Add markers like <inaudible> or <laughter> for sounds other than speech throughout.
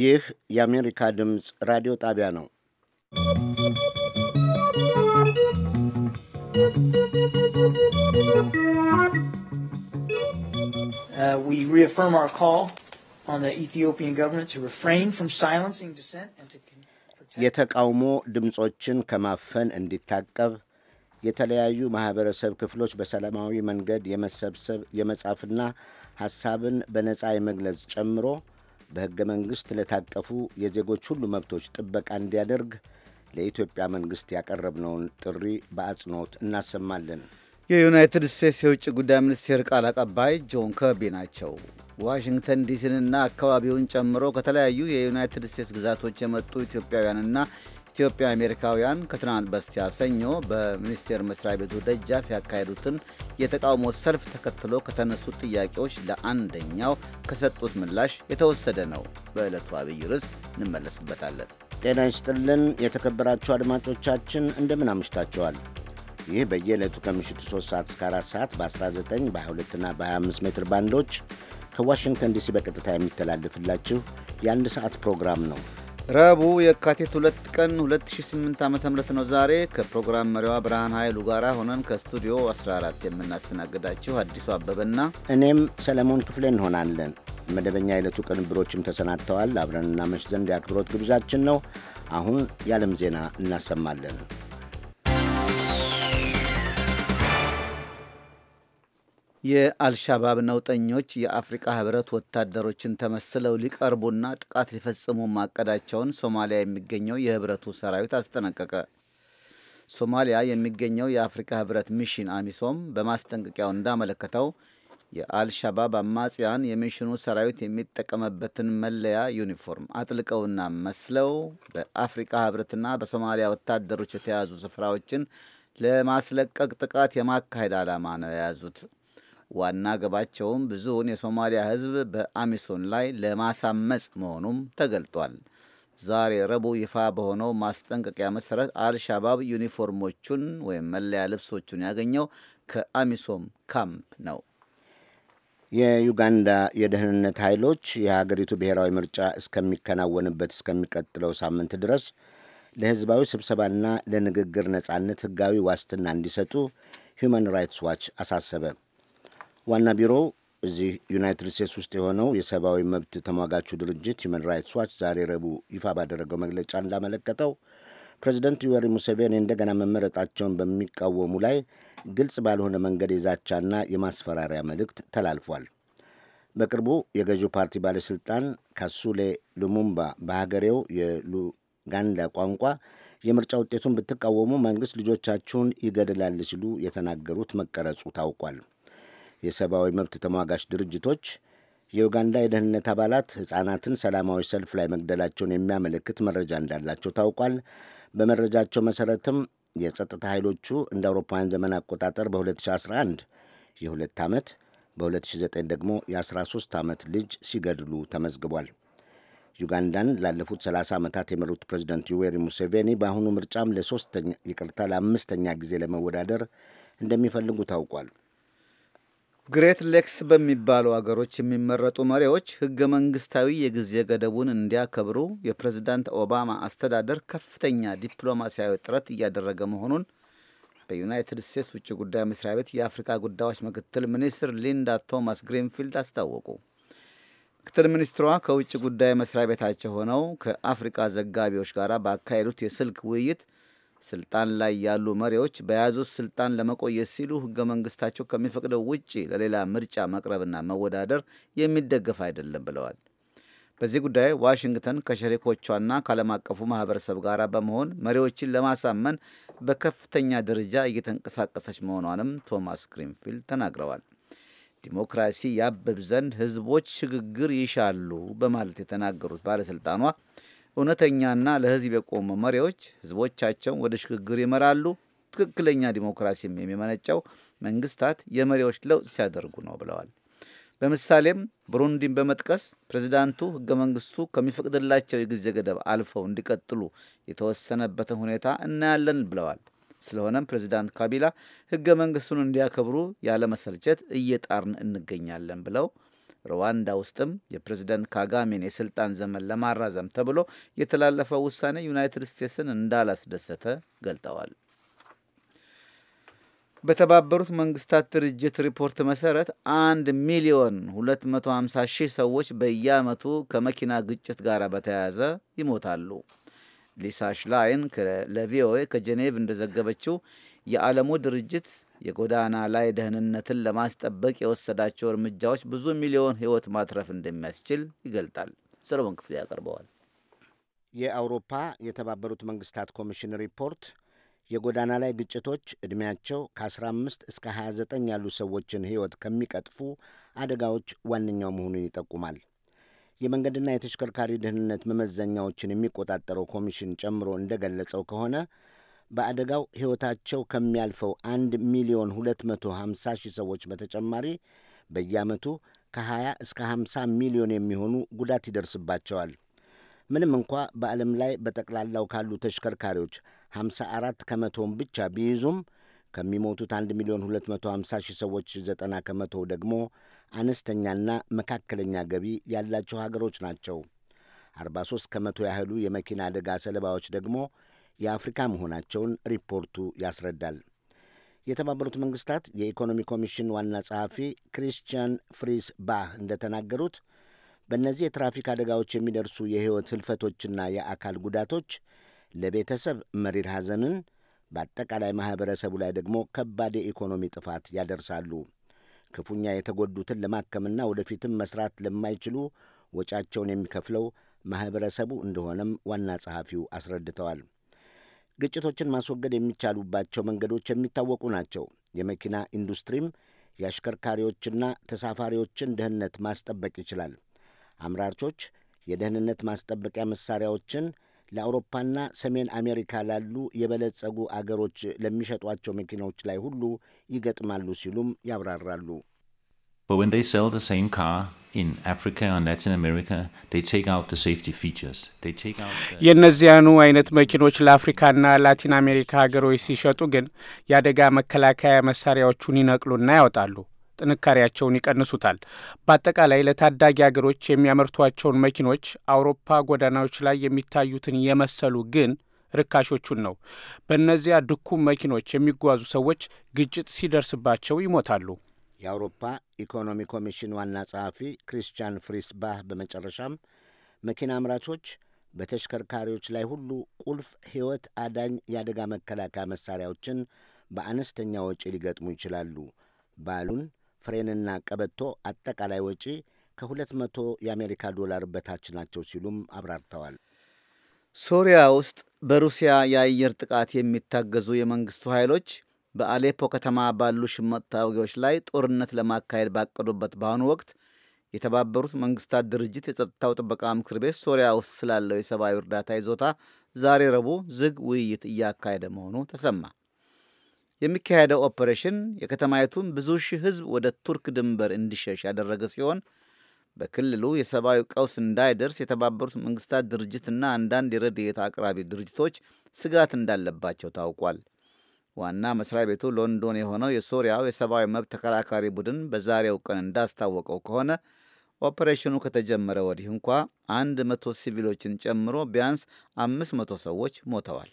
ይህ የአሜሪካ ድምፅ ራዲዮ ጣቢያ ነው። uh, የተቃውሞ ድምፆችን ከማፈን እንዲታቀብ የተለያዩ ማኅበረሰብ ክፍሎች በሰላማዊ መንገድ የመሰብሰብ የመጻፍና ሐሳብን በነጻ የመግለጽ ጨምሮ በሕገ መንግሥት ለታቀፉ የዜጎች ሁሉ መብቶች ጥበቃ እንዲያደርግ ለኢትዮጵያ መንግሥት ያቀረብነውን ጥሪ በአጽንኦት እናሰማለን። የዩናይትድ ስቴትስ የውጭ ጉዳይ ሚኒስቴር ቃል አቀባይ ጆን ከርቢ ናቸው። ዋሽንግተን ዲሲንና አካባቢውን ጨምሮ ከተለያዩ የዩናይትድ ስቴትስ ግዛቶች የመጡ ኢትዮጵያውያንና ኢትዮጵያ አሜሪካውያን ከትናንት በስቲያ ሰኞ በሚኒስቴር መስሪያ ቤቱ ደጃፍ ያካሄዱትን የተቃውሞ ሰልፍ ተከትሎ ከተነሱት ጥያቄዎች ለአንደኛው ከሰጡት ምላሽ የተወሰደ ነው። በዕለቱ አብይ ርዕስ እንመለስበታለን። ጤና ይስጥልን የተከበራችሁ አድማጮቻችን እንደምን አምሽታችኋል? ይህ በየዕለቱ ከምሽቱ 3 ሰዓት እስከ 4 ሰዓት በ19 በ22ና በ25 ሜትር ባንዶች ከዋሽንግተን ዲሲ በቀጥታ የሚተላልፍላችሁ የአንድ ሰዓት ፕሮግራም ነው። ረቡዕ የካቲት ሁለት ቀን 2008 ዓ ም ነው ዛሬ ከፕሮግራም መሪዋ ብርሃን ኃይሉ ጋር ሆነን ከስቱዲዮ 14 የምናስተናግዳችሁ አዲሱ አበበና እኔም ሰለሞን ክፍሌ እንሆናለን። መደበኛ የዕለቱ ቅንብሮችም ተሰናድተዋል። አብረን እናመሽ ዘንድ የአክብሮት ግብዣችን ነው። አሁን የዓለም ዜና እናሰማለን። የአልሻባብ ነውጠኞች የአፍሪቃ ህብረት ወታደሮችን ተመስለው ሊቀርቡና ጥቃት ሊፈጽሙ ማቀዳቸውን ሶማሊያ የሚገኘው የህብረቱ ሰራዊት አስጠነቀቀ። ሶማሊያ የሚገኘው የአፍሪካ ህብረት ሚሽን አሚሶም በማስጠንቀቂያው እንዳመለከተው የአልሻባብ አማጽያን የሚሽኑ ሰራዊት የሚጠቀምበትን መለያ ዩኒፎርም አጥልቀውና መስለው በአፍሪካ ህብረትና በሶማሊያ ወታደሮች የተያዙ ስፍራዎችን ለማስለቀቅ ጥቃት የማካሄድ ዓላማ ነው የያዙት። ዋና ገባቸውም ብዙውን የሶማሊያ ሕዝብ በአሚሶም ላይ ለማሳመጽ መሆኑም ተገልጧል። ዛሬ ረቡዕ ይፋ በሆነው ማስጠንቀቂያ መሰረት አልሻባብ ዩኒፎርሞቹን ወይም መለያ ልብሶቹን ያገኘው ከአሚሶም ካምፕ ነው። የዩጋንዳ የደህንነት ኃይሎች የሀገሪቱ ብሔራዊ ምርጫ እስከሚከናወንበት እስከሚቀጥለው ሳምንት ድረስ ለሕዝባዊ ስብሰባና ለንግግር ነጻነት ሕጋዊ ዋስትና እንዲሰጡ ሁማን ራይትስ ዋች አሳሰበ። ዋና ቢሮው እዚህ ዩናይትድ ስቴትስ ውስጥ የሆነው የሰብአዊ መብት ተሟጋቹ ድርጅት ሂውማን ራይትስ ዋች ዛሬ ረቡዕ ይፋ ባደረገው መግለጫ እንዳመለከተው ፕሬዚደንት ዩወሪ ሙሴቬኒ እንደገና መመረጣቸውን በሚቃወሙ ላይ ግልጽ ባልሆነ መንገድ የዛቻና የማስፈራሪያ መልእክት ተላልፏል። በቅርቡ የገዢው ፓርቲ ባለሥልጣን ካሱሌ ሉሙምባ በሀገሬው የሉጋንዳ ቋንቋ የምርጫ ውጤቱን ብትቃወሙ መንግሥት ልጆቻችሁን ይገድላል ሲሉ የተናገሩት መቀረጹ ታውቋል። የሰብአዊ መብት ተሟጋች ድርጅቶች የኡጋንዳ የደህንነት አባላት ሕፃናትን ሰላማዊ ሰልፍ ላይ መግደላቸውን የሚያመለክት መረጃ እንዳላቸው ታውቋል። በመረጃቸው መሠረትም የጸጥታ ኃይሎቹ እንደ አውሮፓውያን ዘመን አቆጣጠር በ2011 የሁለት ዓመት በ2009 ደግሞ የ13 ዓመት ልጅ ሲገድሉ ተመዝግቧል። ዩጋንዳን ላለፉት 30 ዓመታት የመሩት ፕሬዚደንት ዩዌሪ ሙሴቬኒ በአሁኑ ምርጫም ለሶስተኛ ይቅርታ ለአምስተኛ ጊዜ ለመወዳደር እንደሚፈልጉ ታውቋል። ግሬት ሌክስ በሚባሉ አገሮች የሚመረጡ መሪዎች ህገ መንግስታዊ የጊዜ ገደቡን እንዲያከብሩ የፕሬዝዳንት ኦባማ አስተዳደር ከፍተኛ ዲፕሎማሲያዊ ጥረት እያደረገ መሆኑን በዩናይትድ ስቴትስ ውጭ ጉዳይ መስሪያ ቤት የአፍሪካ ጉዳዮች ምክትል ሚኒስትር ሊንዳ ቶማስ ግሪንፊልድ አስታወቁ። ምክትል ሚኒስትሯ ከውጭ ጉዳይ መስሪያ ቤታቸው ሆነው ከአፍሪካ ዘጋቢዎች ጋር ባካሄዱት የስልክ ውይይት ስልጣን ላይ ያሉ መሪዎች በያዙት ስልጣን ለመቆየት ሲሉ ህገ መንግስታቸው ከሚፈቅደው ውጭ ለሌላ ምርጫ መቅረብና መወዳደር የሚደገፍ አይደለም ብለዋል። በዚህ ጉዳይ ዋሽንግተን ከሸሪኮቿና ከዓለም አቀፉ ማህበረሰብ ጋር በመሆን መሪዎችን ለማሳመን በከፍተኛ ደረጃ እየተንቀሳቀሰች መሆኗንም ቶማስ ግሪንፊልድ ተናግረዋል። ዲሞክራሲ ያብብ ዘንድ ህዝቦች ሽግግር ይሻሉ በማለት የተናገሩት ባለሥልጣኗ እውነተኛና ለህዝብ የቆሙ መሪዎች ህዝቦቻቸውን ወደ ሽግግር ይመራሉ። ትክክለኛ ዲሞክራሲም የሚመነጨው መንግስታት የመሪዎች ለውጥ ሲያደርጉ ነው ብለዋል። በምሳሌም ብሩንዲን በመጥቀስ ፕሬዚዳንቱ ህገ መንግስቱ ከሚፈቅድላቸው የጊዜ ገደብ አልፈው እንዲቀጥሉ የተወሰነበትን ሁኔታ እናያለን ብለዋል። ስለሆነም ፕሬዚዳንት ካቢላ ህገ መንግስቱን እንዲያከብሩ ያለመሰልቸት እየጣርን እንገኛለን ብለው ሩዋንዳ ውስጥም የፕሬዝደንት ካጋሜን የስልጣን ዘመን ለማራዘም ተብሎ የተላለፈው ውሳኔ ዩናይትድ ስቴትስን እንዳላስደሰተ ገልጠዋል። በተባበሩት መንግስታት ድርጅት ሪፖርት መሰረት አንድ ሚሊዮን 250 ሺህ ሰዎች በየዓመቱ ከመኪና ግጭት ጋር በተያያዘ ይሞታሉ። ሊሳ ሽላይን ለቪኦኤ ከጄኔቭ እንደዘገበችው የዓለሙ ድርጅት የጎዳና ላይ ደህንነትን ለማስጠበቅ የወሰዳቸው እርምጃዎች ብዙ ሚሊዮን ሕይወት ማትረፍ እንደሚያስችል ይገልጣል። ሰለሞን ክፍሌ ያቀርበዋል። የአውሮፓ የተባበሩት መንግስታት ኮሚሽን ሪፖርት የጎዳና ላይ ግጭቶች ዕድሜያቸው ከ15 እስከ 29 ያሉ ሰዎችን ሕይወት ከሚቀጥፉ አደጋዎች ዋነኛው መሆኑን ይጠቁማል። የመንገድና የተሽከርካሪ ደህንነት መመዘኛዎችን የሚቆጣጠረው ኮሚሽን ጨምሮ እንደገለጸው ከሆነ በአደጋው ሕይወታቸው ከሚያልፈው 1 ሚሊዮን 250 ሺህ ሰዎች በተጨማሪ በየዓመቱ ከ20 እስከ 50 ሚሊዮን የሚሆኑ ጉዳት ይደርስባቸዋል። ምንም እንኳ በዓለም ላይ በጠቅላላው ካሉ ተሽከርካሪዎች 54 ከመቶውን ብቻ ቢይዙም ከሚሞቱት 1 ሚሊዮን 250 ሺህ ሰዎች 90 ከመቶ ደግሞ አነስተኛና መካከለኛ ገቢ ያላቸው ሀገሮች ናቸው። 43 ከመቶ ያህሉ የመኪና አደጋ ሰለባዎች ደግሞ የአፍሪካ መሆናቸውን ሪፖርቱ ያስረዳል። የተባበሩት መንግስታት የኢኮኖሚ ኮሚሽን ዋና ጸሐፊ ክሪስቲያን ፍሪስ ባህ እንደተናገሩት በእነዚህ የትራፊክ አደጋዎች የሚደርሱ የሕይወት ህልፈቶችና የአካል ጉዳቶች ለቤተሰብ መሪር ሐዘንን፣ በአጠቃላይ ማኅበረሰቡ ላይ ደግሞ ከባድ የኢኮኖሚ ጥፋት ያደርሳሉ። ክፉኛ የተጎዱትን ለማከምና ወደፊትም መስራት ለማይችሉ ወጫቸውን የሚከፍለው ማኅበረሰቡ እንደሆነም ዋና ጸሐፊው አስረድተዋል። ግጭቶችን ማስወገድ የሚቻሉባቸው መንገዶች የሚታወቁ ናቸው። የመኪና ኢንዱስትሪም የአሽከርካሪዎችና ተሳፋሪዎችን ደህንነት ማስጠበቅ ይችላል። አምራቾች የደህንነት ማስጠበቂያ መሳሪያዎችን ለአውሮፓና ሰሜን አሜሪካ ላሉ የበለጸጉ አገሮች ለሚሸጧቸው መኪናዎች ላይ ሁሉ ይገጥማሉ ሲሉም ያብራራሉ። But when they sell the same car in Africa and Latin America, they take out the safety features. They take out የእነዚያኑ አይነት መኪኖች ለአፍሪካና ላቲን አሜሪካ ሀገሮች ሲሸጡ ግን የአደጋ መከላከያ መሳሪያዎቹን ይነቅሉና ያወጣሉ። ጥንካሬያቸውን ይቀንሱታል። በአጠቃላይ ለታዳጊ ሀገሮች የሚያመርቷቸውን መኪኖች አውሮፓ ጎዳናዎች ላይ የሚታዩትን የመሰሉ ግን ርካሾቹን ነው። በእነዚያ ድኩም መኪኖች የሚጓዙ ሰዎች ግጭት ሲደርስባቸው ይሞታሉ። የአውሮፓ ኢኮኖሚ ኮሚሽን ዋና ጸሐፊ ክሪስቲያን ፍሪስ ባህ በመጨረሻም መኪና አምራቾች በተሽከርካሪዎች ላይ ሁሉ ቁልፍ ሕይወት አዳኝ የአደጋ መከላከያ መሣሪያዎችን በአነስተኛ ወጪ ሊገጥሙ ይችላሉ። ባሉን፣ ፍሬንና ቀበቶ አጠቃላይ ወጪ ከ200 የአሜሪካ ዶላር በታች ናቸው ሲሉም አብራርተዋል። ሶሪያ ውስጥ በሩሲያ የአየር ጥቃት የሚታገዙ የመንግሥቱ ኃይሎች በአሌፖ ከተማ ባሉ ሽምቅ ተዋጊዎች ላይ ጦርነት ለማካሄድ ባቀዱበት በአሁኑ ወቅት የተባበሩት መንግስታት ድርጅት የጸጥታው ጥበቃ ምክር ቤት ሶሪያ ውስጥ ስላለው የሰብአዊ እርዳታ ይዞታ ዛሬ ረቡዕ ዝግ ውይይት እያካሄደ መሆኑ ተሰማ። የሚካሄደው ኦፐሬሽን የከተማይቱን ብዙ ሺህ ሕዝብ ወደ ቱርክ ድንበር እንዲሸሽ ያደረገ ሲሆን በክልሉ የሰብአዊ ቀውስ እንዳይደርስ የተባበሩት መንግስታት ድርጅትና አንዳንድ የረድኤት አቅራቢ ድርጅቶች ስጋት እንዳለባቸው ታውቋል። ዋና መስሪያ ቤቱ ሎንዶን የሆነው የሶሪያው የሰብአዊ መብት ተከራካሪ ቡድን በዛሬው ቀን እንዳስታወቀው ከሆነ ኦፕሬሽኑ ከተጀመረ ወዲህ እንኳ አንድ መቶ ሲቪሎችን ጨምሮ ቢያንስ 500 ሰዎች ሞተዋል።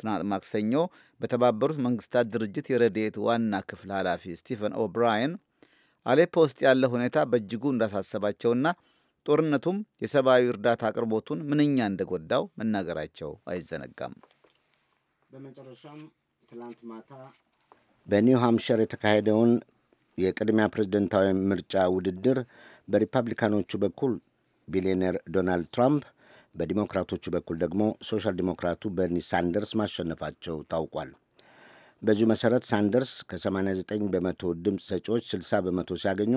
ትናንት ማክሰኞ በተባበሩት መንግስታት ድርጅት የረድኤት ዋና ክፍል ኃላፊ ስቲፈን ኦብራይን አሌፖ ውስጥ ያለ ሁኔታ በእጅጉ እንዳሳሰባቸውና ጦርነቱም የሰብአዊ እርዳታ አቅርቦቱን ምንኛ እንደጎዳው መናገራቸው አይዘነጋም። በመጨረሻም ትላንት ማታ በኒው ሃምፕሸር የተካሄደውን የቅድሚያ ፕሬዝደንታዊ ምርጫ ውድድር በሪፐብሊካኖቹ በኩል ቢሊዮኔር ዶናልድ ትራምፕ በዲሞክራቶቹ በኩል ደግሞ ሶሻል ዲሞክራቱ በርኒ ሳንደርስ ማሸነፋቸው ታውቋል። በዚሁ መሠረት ሳንደርስ ከ89 በመቶ ድምፅ ሰጪዎች 60 በመቶ ሲያገኙ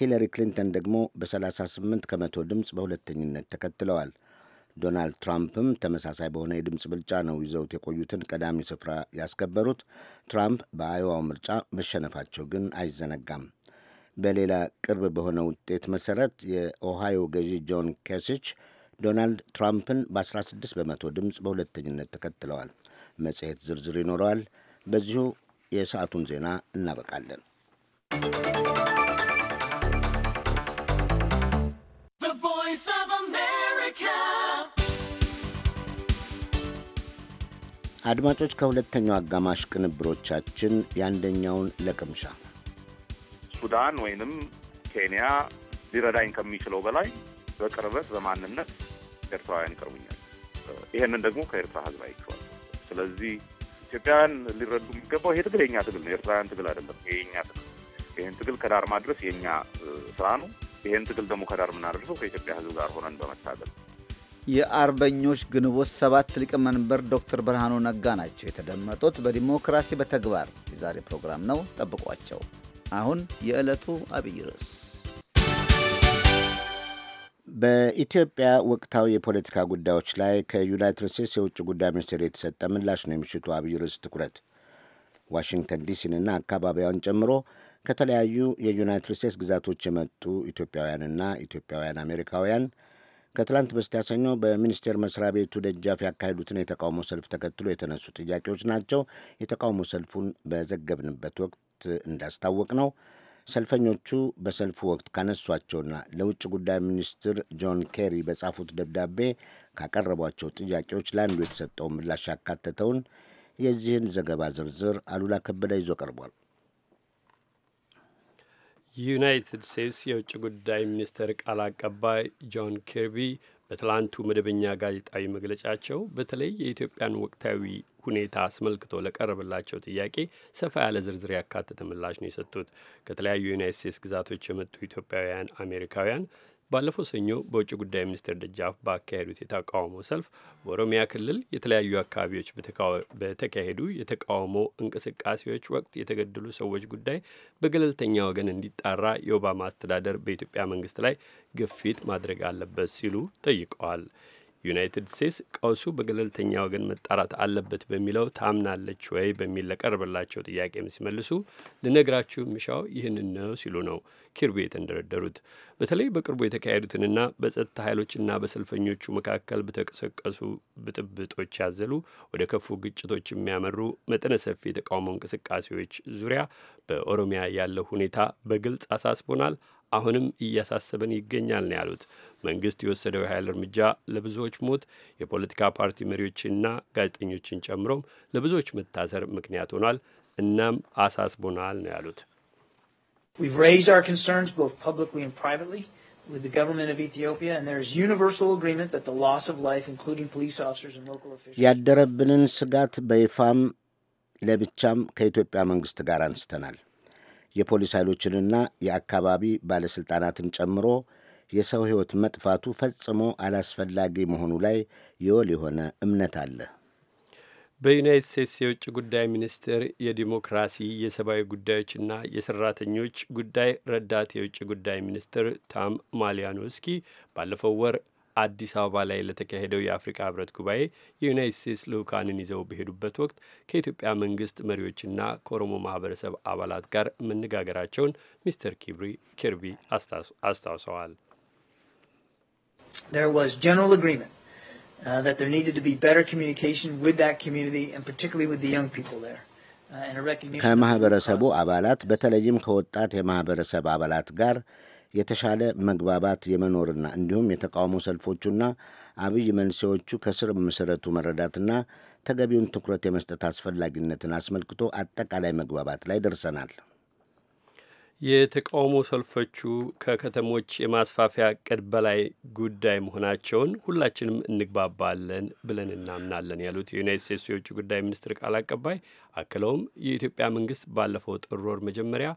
ሂለሪ ክሊንተን ደግሞ በ38 ከመቶ ድምፅ በሁለተኝነት ተከትለዋል። ዶናልድ ትራምፕም ተመሳሳይ በሆነ የድምፅ ብልጫ ነው ይዘውት የቆዩትን ቀዳሚ ስፍራ ያስከበሩት። ትራምፕ በአዮዋው ምርጫ መሸነፋቸው ግን አይዘነጋም። በሌላ ቅርብ በሆነ ውጤት መሰረት የኦሃዮ ገዢ ጆን ኬሲች ዶናልድ ትራምፕን በ16 በመቶ ድምፅ በሁለተኝነት ተከትለዋል። መጽሔት ዝርዝር ይኖረዋል። በዚሁ የሰዓቱን ዜና እናበቃለን። አድማጮች ከሁለተኛው አጋማሽ ቅንብሮቻችን የአንደኛውን ለቅምሻ ሱዳን ወይንም ኬንያ ሊረዳኝ ከሚችለው በላይ በቅርበት በማንነት ኤርትራውያን ይቀርቡኛል። ይህንን ደግሞ ከኤርትራ ህዝብ አይቸዋል። ስለዚህ ኢትዮጵያውያን ሊረዱ የሚገባው ይሄ ትግል የኛ ትግል ነው፣ ኤርትራውያን ትግል አይደለም። የኛ ትግል ይህን ትግል ከዳር ማድረስ የኛ ስራ ነው። ይህን ትግል ደግሞ ከዳር የምናደርሰው ከኢትዮጵያ ህዝብ ጋር ሆነን በመታገል የአርበኞች ግንቦት ሰባት ሊቀመንበር ዶክተር ብርሃኑ ነጋ ናቸው የተደመጡት። በዲሞክራሲ በተግባር የዛሬ ፕሮግራም ነው፣ ጠብቋቸው። አሁን የዕለቱ አብይ ርዕስ በኢትዮጵያ ወቅታዊ የፖለቲካ ጉዳዮች ላይ ከዩናይትድ ስቴትስ የውጭ ጉዳይ ሚኒስቴር የተሰጠ ምላሽ ነው የምሽቱ አብይ ርዕስ ትኩረት። ዋሽንግተን ዲሲንና አካባቢዋን ጨምሮ ከተለያዩ የዩናይትድ ስቴትስ ግዛቶች የመጡ ኢትዮጵያውያንና ኢትዮጵያውያን አሜሪካውያን ከትላንት በስቲያ ሰኞ በሚኒስቴር መስሪያ ቤቱ ደጃፍ ያካሄዱትን የተቃውሞ ሰልፍ ተከትሎ የተነሱ ጥያቄዎች ናቸው። የተቃውሞ ሰልፉን በዘገብንበት ወቅት እንዳስታወቅ ነው ሰልፈኞቹ በሰልፉ ወቅት ካነሷቸውና ለውጭ ጉዳይ ሚኒስትር ጆን ኬሪ በጻፉት ደብዳቤ ካቀረቧቸው ጥያቄዎች ለአንዱ የተሰጠውን ምላሽ ያካተተውን የዚህን ዘገባ ዝርዝር አሉላ ከበደ ይዞ ቀርቧል። ዩናይትድ ስቴትስ የውጭ ጉዳይ ሚኒስትር ቃል አቀባይ ጆን ኬርቢ በትላንቱ መደበኛ ጋዜጣዊ መግለጫቸው በተለይ የኢትዮጵያን ወቅታዊ ሁኔታ አስመልክቶ ለቀረበላቸው ጥያቄ ሰፋ ያለ ዝርዝር ያካተተ ምላሽ ነው የሰጡት። ከተለያዩ የዩናይት ስቴትስ ግዛቶች የመጡ ኢትዮጵያውያን አሜሪካውያን ባለፈው ሰኞ በውጭ ጉዳይ ሚኒስቴር ደጃፍ ባካሄዱት የተቃውሞ ሰልፍ በኦሮሚያ ክልል የተለያዩ አካባቢዎች በተካሄዱ የተቃውሞ እንቅስቃሴዎች ወቅት የተገደሉ ሰዎች ጉዳይ በገለልተኛ ወገን እንዲጣራ የኦባማ አስተዳደር በኢትዮጵያ መንግስት ላይ ግፊት ማድረግ አለበት ሲሉ ጠይቀዋል። ዩናይትድ ስቴትስ ቀውሱ በገለልተኛ ወገን መጣራት አለበት በሚለው ታምናለች ወይ በሚል ለቀረበላቸው ጥያቄም ሲመልሱ ልነግራችሁ ምሻው ይህንን ነው ሲሉ ነው ኪርቢ የተንደረደሩት። በተለይ በቅርቡ የተካሄዱትንና በጸጥታ ኃይሎችና በሰልፈኞቹ መካከል በተቀሰቀሱ ብጥብጦች ያዘሉ ወደ ከፉ ግጭቶች የሚያመሩ መጠነ ሰፊ የተቃውሞ እንቅስቃሴዎች ዙሪያ በኦሮሚያ ያለው ሁኔታ በግልጽ አሳስቦናል፣ አሁንም እያሳሰበን ይገኛል ነው ያሉት። መንግስት የወሰደው የኃይል እርምጃ ለብዙዎች ሞት፣ የፖለቲካ ፓርቲ መሪዎችና ጋዜጠኞችን ጨምሮም ለብዙዎች መታሰር ምክንያት ሆኗል። እናም አሳስቦናል ነው ያሉት። ያደረብንን ስጋት በይፋም ለብቻም ከኢትዮጵያ መንግሥት ጋር አንስተናል። የፖሊስ ኃይሎችንና የአካባቢ ባለሥልጣናትን ጨምሮ የሰው ሕይወት መጥፋቱ ፈጽሞ አላስፈላጊ መሆኑ ላይ የወል የሆነ እምነት አለ። በዩናይት ስቴትስ የውጭ ጉዳይ ሚኒስቴር የዲሞክራሲ የሰብአዊ ጉዳዮችና የሰራተኞች ጉዳይ ረዳት የውጭ ጉዳይ ሚኒስትር ታም ማሊያኖስኪ ባለፈው ወር አዲስ አበባ ላይ ለተካሄደው የአፍሪካ ህብረት ጉባኤ የዩናይት ስቴትስ ልዑካንን ይዘው በሄዱበት ወቅት ከኢትዮጵያ መንግስት መሪዎችና ከኦሮሞ ማህበረሰብ አባላት ጋር መነጋገራቸውን ሚስተር ኪርቢ አስታውሰዋል። there was general agreement uh, that there needed to be better communication with that community and particularly with the young people there. Uh, ከማህበረሰቡ አባላት በተለይም ከወጣት የማህበረሰብ አባላት ጋር የተሻለ መግባባት የመኖርና እንዲሁም የተቃውሞ ሰልፎቹና አብይ መንስኤዎቹ ከስር መሰረቱ መረዳትና ተገቢውን ትኩረት የመስጠት አስፈላጊነትን አስመልክቶ አጠቃላይ መግባባት ላይ ደርሰናል። የተቃውሞ ሰልፎቹ ከከተሞች የማስፋፊያ እቅድ በላይ ጉዳይ መሆናቸውን ሁላችንም እንግባባለን ብለን እናምናለን ያሉት የዩናይት ስቴትስ የውጭ ጉዳይ ሚኒስትር ቃል አቀባይ አክለውም የኢትዮጵያ መንግስት ባለፈው ጥር ወር መጀመሪያ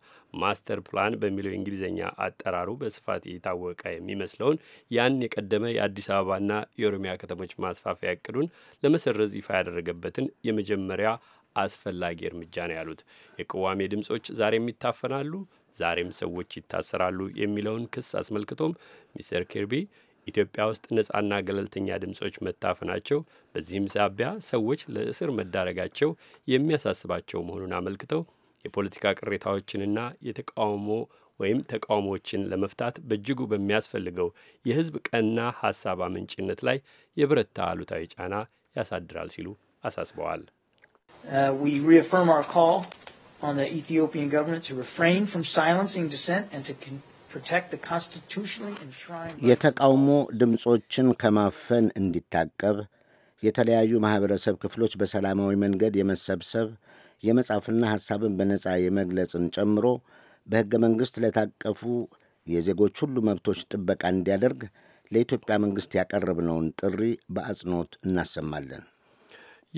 ማስተር ፕላን በሚለው የእንግሊዝኛ አጠራሩ በስፋት የታወቀ የሚመስለውን ያን የቀደመ የአዲስ አበባና የኦሮሚያ ከተሞች ማስፋፊያ እቅዱን ለመሰረዝ ይፋ ያደረገበትን የመጀመሪያ አስፈላጊ እርምጃ ነው ያሉት። የቅዋሜ ድምጾች ዛሬም ይታፈናሉ። ዛሬም ሰዎች ይታሰራሉ የሚለውን ክስ አስመልክቶም ሚስተር ኪርቢ ኢትዮጵያ ውስጥ ነጻና ገለልተኛ ድምጾች መታፈናቸው በዚህም ሳቢያ ሰዎች ለእስር መዳረጋቸው የሚያሳስባቸው መሆኑን አመልክተው የፖለቲካ ቅሬታዎችንና የተቃውሞ ወይም ተቃውሞዎችን ለመፍታት በእጅጉ በሚያስፈልገው የሕዝብ ቀና ሀሳብ አመንጭነት ላይ የብረታ አሉታዊ ጫና ያሳድራል ሲሉ አሳስበዋል። uh, on the Ethiopian government to refrain from silencing dissent and to protect the constitutionally enshrined የተቃውሞ ድምፆችን ከማፈን እንዲታቀብ የተለያዩ ማህበረሰብ ክፍሎች በሰላማዊ መንገድ የመሰብሰብ የመጻፍና ሐሳብን በነጻ የመግለጽን ጨምሮ በሕገ መንግሥት ለታቀፉ የዜጎች ሁሉ መብቶች ጥበቃ እንዲያደርግ ለኢትዮጵያ መንግሥት ያቀረብነውን ጥሪ በአጽንኦት እናሰማለን።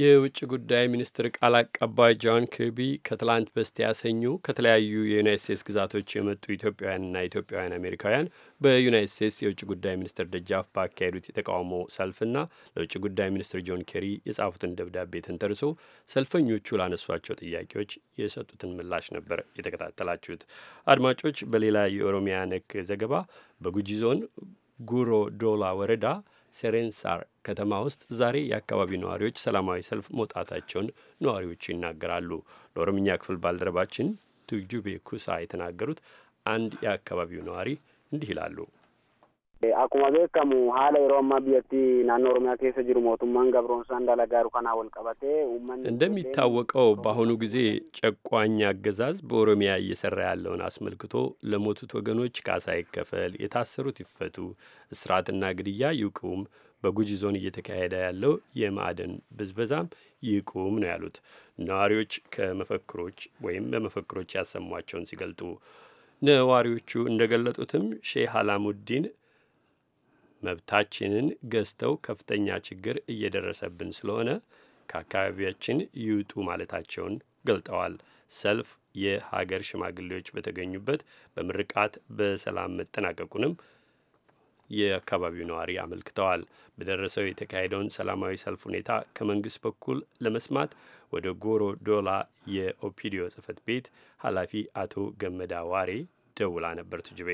የውጭ ጉዳይ ሚኒስትር ቃል አቀባይ ጆን ኪርቢ ከትላንት በስቲያ ሰኞ ከተለያዩ የዩናይት ስቴትስ ግዛቶች የመጡ ኢትዮጵያውያንና ኢትዮጵያውያን አሜሪካውያን በዩናይት ስቴትስ የውጭ ጉዳይ ሚኒስትር ደጃፍ ባካሄዱት የተቃውሞ ሰልፍና ለውጭ ጉዳይ ሚኒስትር ጆን ኬሪ የጻፉትን ደብዳቤ ተንተርሶ ሰልፈኞቹ ላነሷቸው ጥያቄዎች የሰጡትን ምላሽ ነበር የተከታተላችሁት። አድማጮች፣ በሌላ የኦሮሚያ ነክ ዘገባ በጉጂ ዞን ጉሮ ዶላ ወረዳ ሴሬንሳር ከተማ ውስጥ ዛሬ የአካባቢ ነዋሪዎች ሰላማዊ ሰልፍ መውጣታቸውን ነዋሪዎቹ ይናገራሉ። ለኦሮምኛ ክፍል ባልደረባችን ቱጁቤ ኩሳ የተናገሩት አንድ የአካባቢው ነዋሪ እንዲህ ይላሉ። Akkuma beekamu haala yeroo ammaa biyyatti naannoo oromiyaa keessa jiru mootummaan gabroonsaan dalagaaru kanaa wal qabatee uummanni እንደሚታወቀው በአሁኑ ጊዜ ጨቋኝ አገዛዝ በኦሮሚያ እየሰራ ያለውን አስመልክቶ ለሞቱት ወገኖች ካሳ ይከፈል፣ የታሰሩት ይፈቱ፣ እስራትና ግድያ ይቁም፣ በጉጂ ዞን እየተካሄደ ያለው የማዕድን ብዝበዛም ይቁም ነው ያሉት ነዋሪዎች ከመፈክሮች ወይም በመፈክሮች ያሰሟቸውን ሲገልጡ ነዋሪዎቹ እንደገለጡትም ሼህ አላሙዲን መብታችንን ገዝተው ከፍተኛ ችግር እየደረሰብን ስለሆነ ከአካባቢያችን ይውጡ ማለታቸውን ገልጠዋል። ሰልፍ የሀገር ሽማግሌዎች በተገኙበት በምርቃት በሰላም መጠናቀቁንም የአካባቢው ነዋሪ አመልክተዋል። በደረሰው የተካሄደውን ሰላማዊ ሰልፍ ሁኔታ ከመንግስት በኩል ለመስማት ወደ ጎሮ ዶላ የኦፒዲዮ ጽህፈት ቤት ኃላፊ አቶ ገመዳ ዋሬ ደውላ ነበር ትጅቤ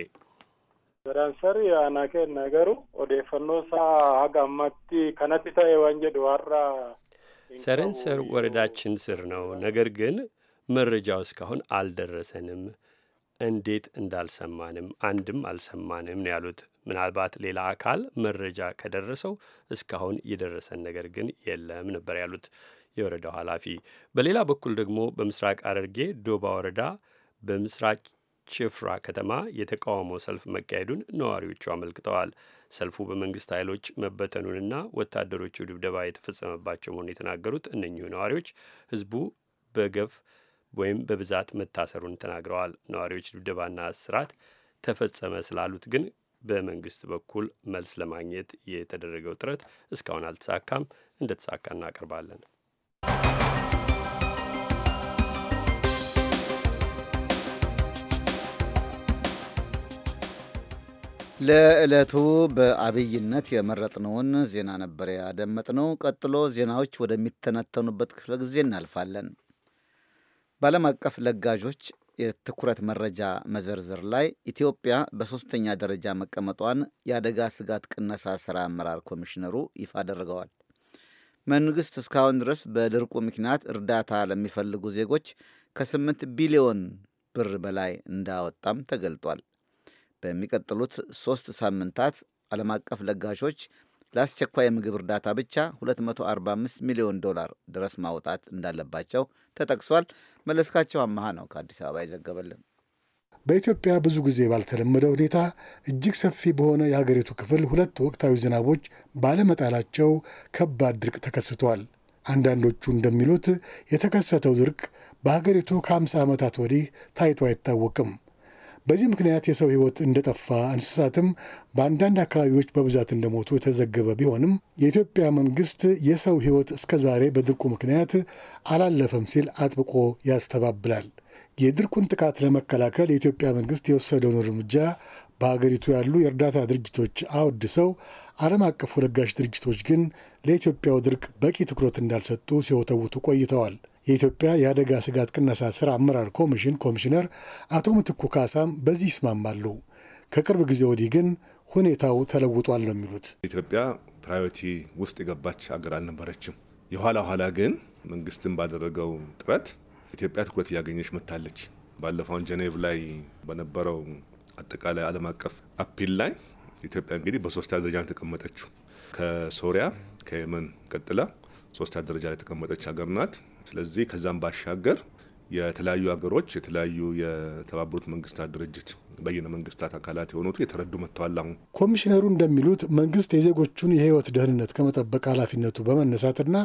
Daransaar aanaa kenna garuu odeeffannoo isaa haga ammaatti kanatti ta'e waan jedhu har'a. ሰረንሰር ወረዳችን ስር ነው። ነገር ግን መረጃው እስካሁን አልደረሰንም። እንዴት እንዳልሰማንም አንድም አልሰማንም ነው ያሉት። ምናልባት ሌላ አካል መረጃ ከደረሰው እስካሁን የደረሰን ነገር ግን የለም ነበር ያሉት የወረዳው ኃላፊ። በሌላ በኩል ደግሞ በምስራቅ ሐረርጌ ዶባ ወረዳ በምስራቅ ችፍራ ከተማ የተቃውሞ ሰልፍ መካሄዱን ነዋሪዎቹ አመልክተዋል። ሰልፉ በመንግስት ኃይሎች መበተኑንና ወታደሮቹ ድብደባ የተፈጸመባቸው መሆኑን የተናገሩት እነኚሁ ነዋሪዎች ህዝቡ በገፍ ወይም በብዛት መታሰሩን ተናግረዋል። ነዋሪዎች ድብደባና እስራት ተፈጸመ ስላሉት ግን በመንግስት በኩል መልስ ለማግኘት የተደረገው ጥረት እስካሁን አልተሳካም። እንደተሳካ እናቀርባለን። ለዕለቱ በአብይነት የመረጥነውን ዜና ነበር ያደመጥነው። ቀጥሎ ዜናዎች ወደሚተነተኑበት ክፍለ ጊዜ እናልፋለን። በዓለም አቀፍ ለጋዦች የትኩረት መረጃ መዘርዝር ላይ ኢትዮጵያ በሦስተኛ ደረጃ መቀመጧን የአደጋ ስጋት ቅነሳ ሥራ አመራር ኮሚሽነሩ ይፋ አደርገዋል። መንግሥት እስካሁን ድረስ በድርቁ ምክንያት እርዳታ ለሚፈልጉ ዜጎች ከ8 ቢሊዮን ብር በላይ እንዳወጣም ተገልጧል። በሚቀጥሉት ሶስት ሳምንታት ዓለም አቀፍ ለጋሾች ለአስቸኳይ የምግብ እርዳታ ብቻ 245 ሚሊዮን ዶላር ድረስ ማውጣት እንዳለባቸው ተጠቅሷል። መለስካቸው አመሃ ነው ከአዲስ አበባ የዘገበልን። በኢትዮጵያ ብዙ ጊዜ ባልተለመደ ሁኔታ እጅግ ሰፊ በሆነ የሀገሪቱ ክፍል ሁለት ወቅታዊ ዝናቦች ባለመጣላቸው ከባድ ድርቅ ተከስቷል። አንዳንዶቹ እንደሚሉት የተከሰተው ድርቅ በሀገሪቱ ከ50 ዓመታት ወዲህ ታይቶ አይታወቅም። በዚህ ምክንያት የሰው ሕይወት እንደጠፋ እንስሳትም በአንዳንድ አካባቢዎች በብዛት እንደሞቱ የተዘገበ ቢሆንም የኢትዮጵያ መንግስት የሰው ሕይወት እስከዛሬ በድርቁ ምክንያት አላለፈም ሲል አጥብቆ ያስተባብላል። የድርቁን ጥቃት ለመከላከል የኢትዮጵያ መንግስት የወሰደውን እርምጃ በሀገሪቱ ያሉ የእርዳታ ድርጅቶች አወድሰው፣ ዓለም አቀፍ ለጋሽ ድርጅቶች ግን ለኢትዮጵያው ድርቅ በቂ ትኩረት እንዳልሰጡ ሲወተውቱ ቆይተዋል። የኢትዮጵያ የአደጋ ስጋት ቅነሳ ስራ አመራር ኮሚሽን ኮሚሽነር አቶ ምትኩ ካሳም በዚህ ይስማማሉ። ከቅርብ ጊዜ ወዲህ ግን ሁኔታው ተለውጧል ነው የሚሉት። ኢትዮጵያ ፕራዮሪቲ ውስጥ የገባች ሀገር አልነበረችም። የኋላ ኋላ ግን መንግስትን ባደረገው ጥረት ኢትዮጵያ ትኩረት እያገኘች መጥታለች። ባለፈውን ጀኔቭ ላይ በነበረው አጠቃላይ ዓለም አቀፍ አፒል ላይ ኢትዮጵያ እንግዲህ በሶስተኛ ደረጃ ነው የተቀመጠችው። ከሶሪያ ከየመን ቀጥላ ሶስተኛ ደረጃ ላይ የተቀመጠች ሀገር ናት። ስለዚህ ከዛም ባሻገር የተለያዩ ሀገሮች የተለያዩ የተባበሩት መንግስታት ድርጅት በይነ መንግስታት አካላት የሆኑት የተረዱ መጥተዋል። አሁን ኮሚሽነሩ እንደሚሉት መንግስት የዜጎቹን የህይወት ደህንነት ከመጠበቅ ኃላፊነቱ በመነሳትና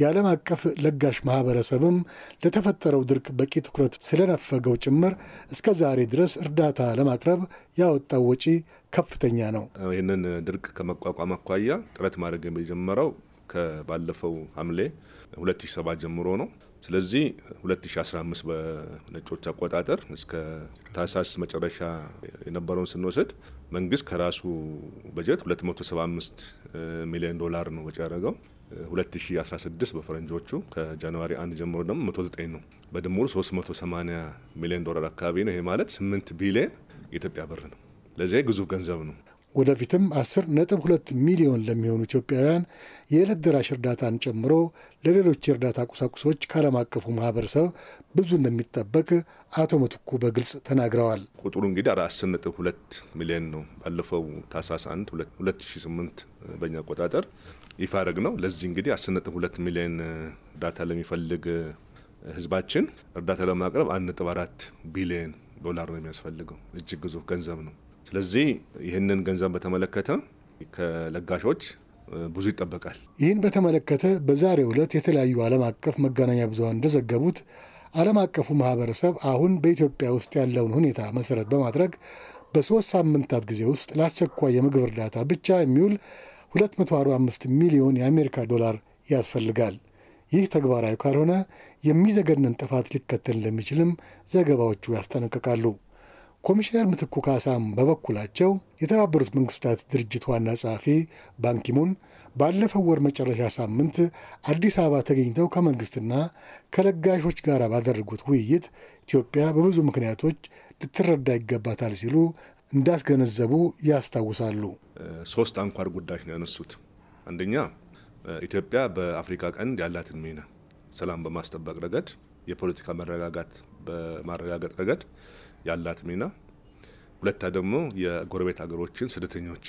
የዓለም አቀፍ ለጋሽ ማህበረሰብም ለተፈጠረው ድርቅ በቂ ትኩረት ስለነፈገው ጭምር እስከ ዛሬ ድረስ እርዳታ ለማቅረብ ያወጣው ወጪ ከፍተኛ ነው። ይህንን ድርቅ ከመቋቋም አኳያ ጥረት ማድረግ የጀመረው ከባለፈው ሐምሌ 2007 ጀምሮ ነው። ስለዚህ 2015 በነጮች አቆጣጠር እስከ ታህሳስ መጨረሻ የነበረውን ስንወስድ መንግስት ከራሱ በጀት 275 ሚሊዮን ዶላር ነው ወጪ ያደረገው። 2016 በፈረንጆቹ ከጃንዋሪ 1 ጀምሮ ደግሞ 109 ነው። በድምሩ 380 ሚሊዮን ዶላር አካባቢ ነው። ይሄ ማለት 8 ቢሊዮን የኢትዮጵያ ብር ነው። ለዚያ ግዙፍ ገንዘብ ነው። ወደፊትም 10.2 ሚሊዮን ለሚሆኑ ኢትዮጵያውያን የዕለት ደራሽ እርዳታን ጨምሮ ለሌሎች የእርዳታ ቁሳቁሶች ከዓለም አቀፉ ማህበረሰብ ብዙ እንደሚጠበቅ አቶ ምትኩ በግልጽ ተናግረዋል። ቁጥሩ እንግዲህ 10.2 ሚሊዮን ነው። ባለፈው ታህሳስ 1 2008 በእኛ አቆጣጠር ይፋ ያደረግ ነው። ለዚህ እንግዲህ 10.2 ሚሊዮን እርዳታ ለሚፈልግ ህዝባችን እርዳታ ለማቅረብ 1.4 ቢሊዮን ዶላር ነው የሚያስፈልገው። እጅግ ግዙፍ ገንዘብ ነው። ስለዚህ ይህንን ገንዘብ በተመለከተ ከለጋሾች ብዙ ይጠበቃል። ይህን በተመለከተ በዛሬው ዕለት የተለያዩ ዓለም አቀፍ መገናኛ ብዙሃን እንደዘገቡት ዓለም አቀፉ ማህበረሰብ አሁን በኢትዮጵያ ውስጥ ያለውን ሁኔታ መሰረት በማድረግ በሶስት ሳምንታት ጊዜ ውስጥ ለአስቸኳይ የምግብ እርዳታ ብቻ የሚውል 245 ሚሊዮን የአሜሪካ ዶላር ያስፈልጋል። ይህ ተግባራዊ ካልሆነ የሚዘገንን ጥፋት ሊከተል እንደሚችልም ዘገባዎቹ ያስጠነቅቃሉ። ኮሚሽነር ምትኩ ካሳም በበኩላቸው የተባበሩት መንግስታት ድርጅት ዋና ጸሐፊ ባንኪሙን ባለፈው ወር መጨረሻ ሳምንት አዲስ አበባ ተገኝተው ከመንግስትና ከለጋሾች ጋር ባደረጉት ውይይት ኢትዮጵያ በብዙ ምክንያቶች ልትረዳ ይገባታል ሲሉ እንዳስገነዘቡ ያስታውሳሉ። ሶስት አንኳር ጉዳዮች ነው ያነሱት። አንደኛ ኢትዮጵያ በአፍሪካ ቀንድ ያላትን ሚና ሰላም በማስጠበቅ ረገድ፣ የፖለቲካ መረጋጋት በማረጋገጥ ረገድ ያላት ሚና፣ ሁለታ ደግሞ የጎረቤት ሀገሮችን ስደተኞች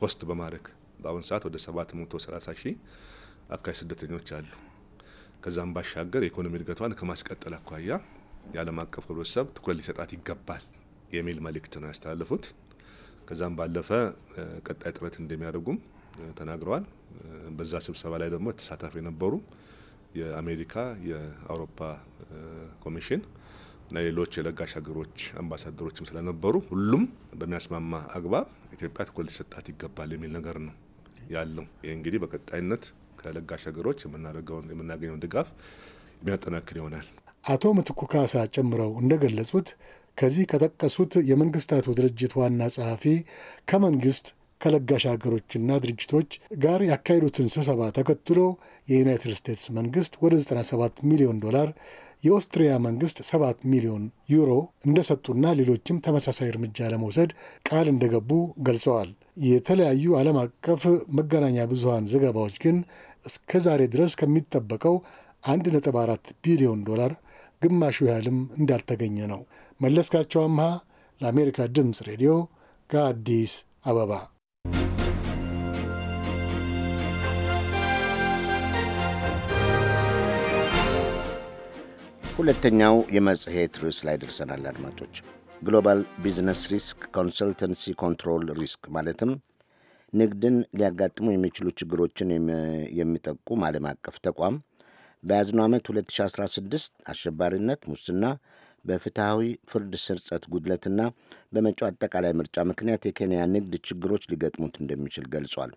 ሆስት በማድረግ በአሁን ሰዓት ወደ 730 ሺህ አካባቢ ስደተኞች አሉ። ከዛም ባሻገር የኢኮኖሚ እድገቷን ከማስቀጠል አኳያ የዓለም አቀፍ ህብረተሰብ ትኩረት ሊሰጣት ይገባል የሚል መልእክት ነው ያስተላለፉት። ከዛም ባለፈ ቀጣይ ጥረት እንደሚያደርጉም ተናግረዋል። በዛ ስብሰባ ላይ ደግሞ ተሳታፊ የነበሩ የአሜሪካ፣ የአውሮፓ ኮሚሽን እና ሌሎች የለጋሽ ሀገሮች አምባሳደሮችም ስለነበሩ ሁሉም በሚያስማማ አግባብ ኢትዮጵያ ትኩረት ሊሰጣት ይገባል የሚል ነገር ነው ያለው። ይህ እንግዲህ በቀጣይነት ከለጋሽ ሀገሮች የምናገኘውን ድጋፍ የሚያጠናክር ይሆናል። አቶ ምትኩ ካሳ ጨምረው እንደገለጹት ከዚህ ከጠቀሱት የመንግስታቱ ድርጅት ዋና ጸሐፊ ከመንግስት ከለጋሽ ሀገሮችና ድርጅቶች ጋር ያካሄዱትን ስብሰባ ተከትሎ የዩናይትድ ስቴትስ መንግስት ወደ 97 ሚሊዮን ዶላር የኦስትሪያ መንግስት 7 ሚሊዮን ዩሮ እንደሰጡና ሌሎችም ተመሳሳይ እርምጃ ለመውሰድ ቃል እንደገቡ ገልጸዋል። የተለያዩ ዓለም አቀፍ መገናኛ ብዙሃን ዘገባዎች ግን እስከ ዛሬ ድረስ ከሚጠበቀው 1.4 ቢሊዮን ዶላር ግማሹ ያህልም እንዳልተገኘ ነው። መለስካቸው አምሃ ለአሜሪካ ድምፅ ሬዲዮ ከአዲስ አበባ ሁለተኛው የመጽሔት ርዕስ ላይ ደርሰናል አድማጮች። ግሎባል ቢዝነስ ሪስክ ኮንሰልተንሲ ኮንትሮል ሪስክ ማለትም ንግድን ሊያጋጥሙ የሚችሉ ችግሮችን የሚጠቁም ዓለም አቀፍ ተቋም በያዝነው ዓመት 2016 አሸባሪነት፣ ሙስና በፍትሐዊ ፍርድ ስርጸት ጉድለትና በመጪው አጠቃላይ ምርጫ ምክንያት የኬንያ ንግድ ችግሮች ሊገጥሙት እንደሚችል ገልጿል።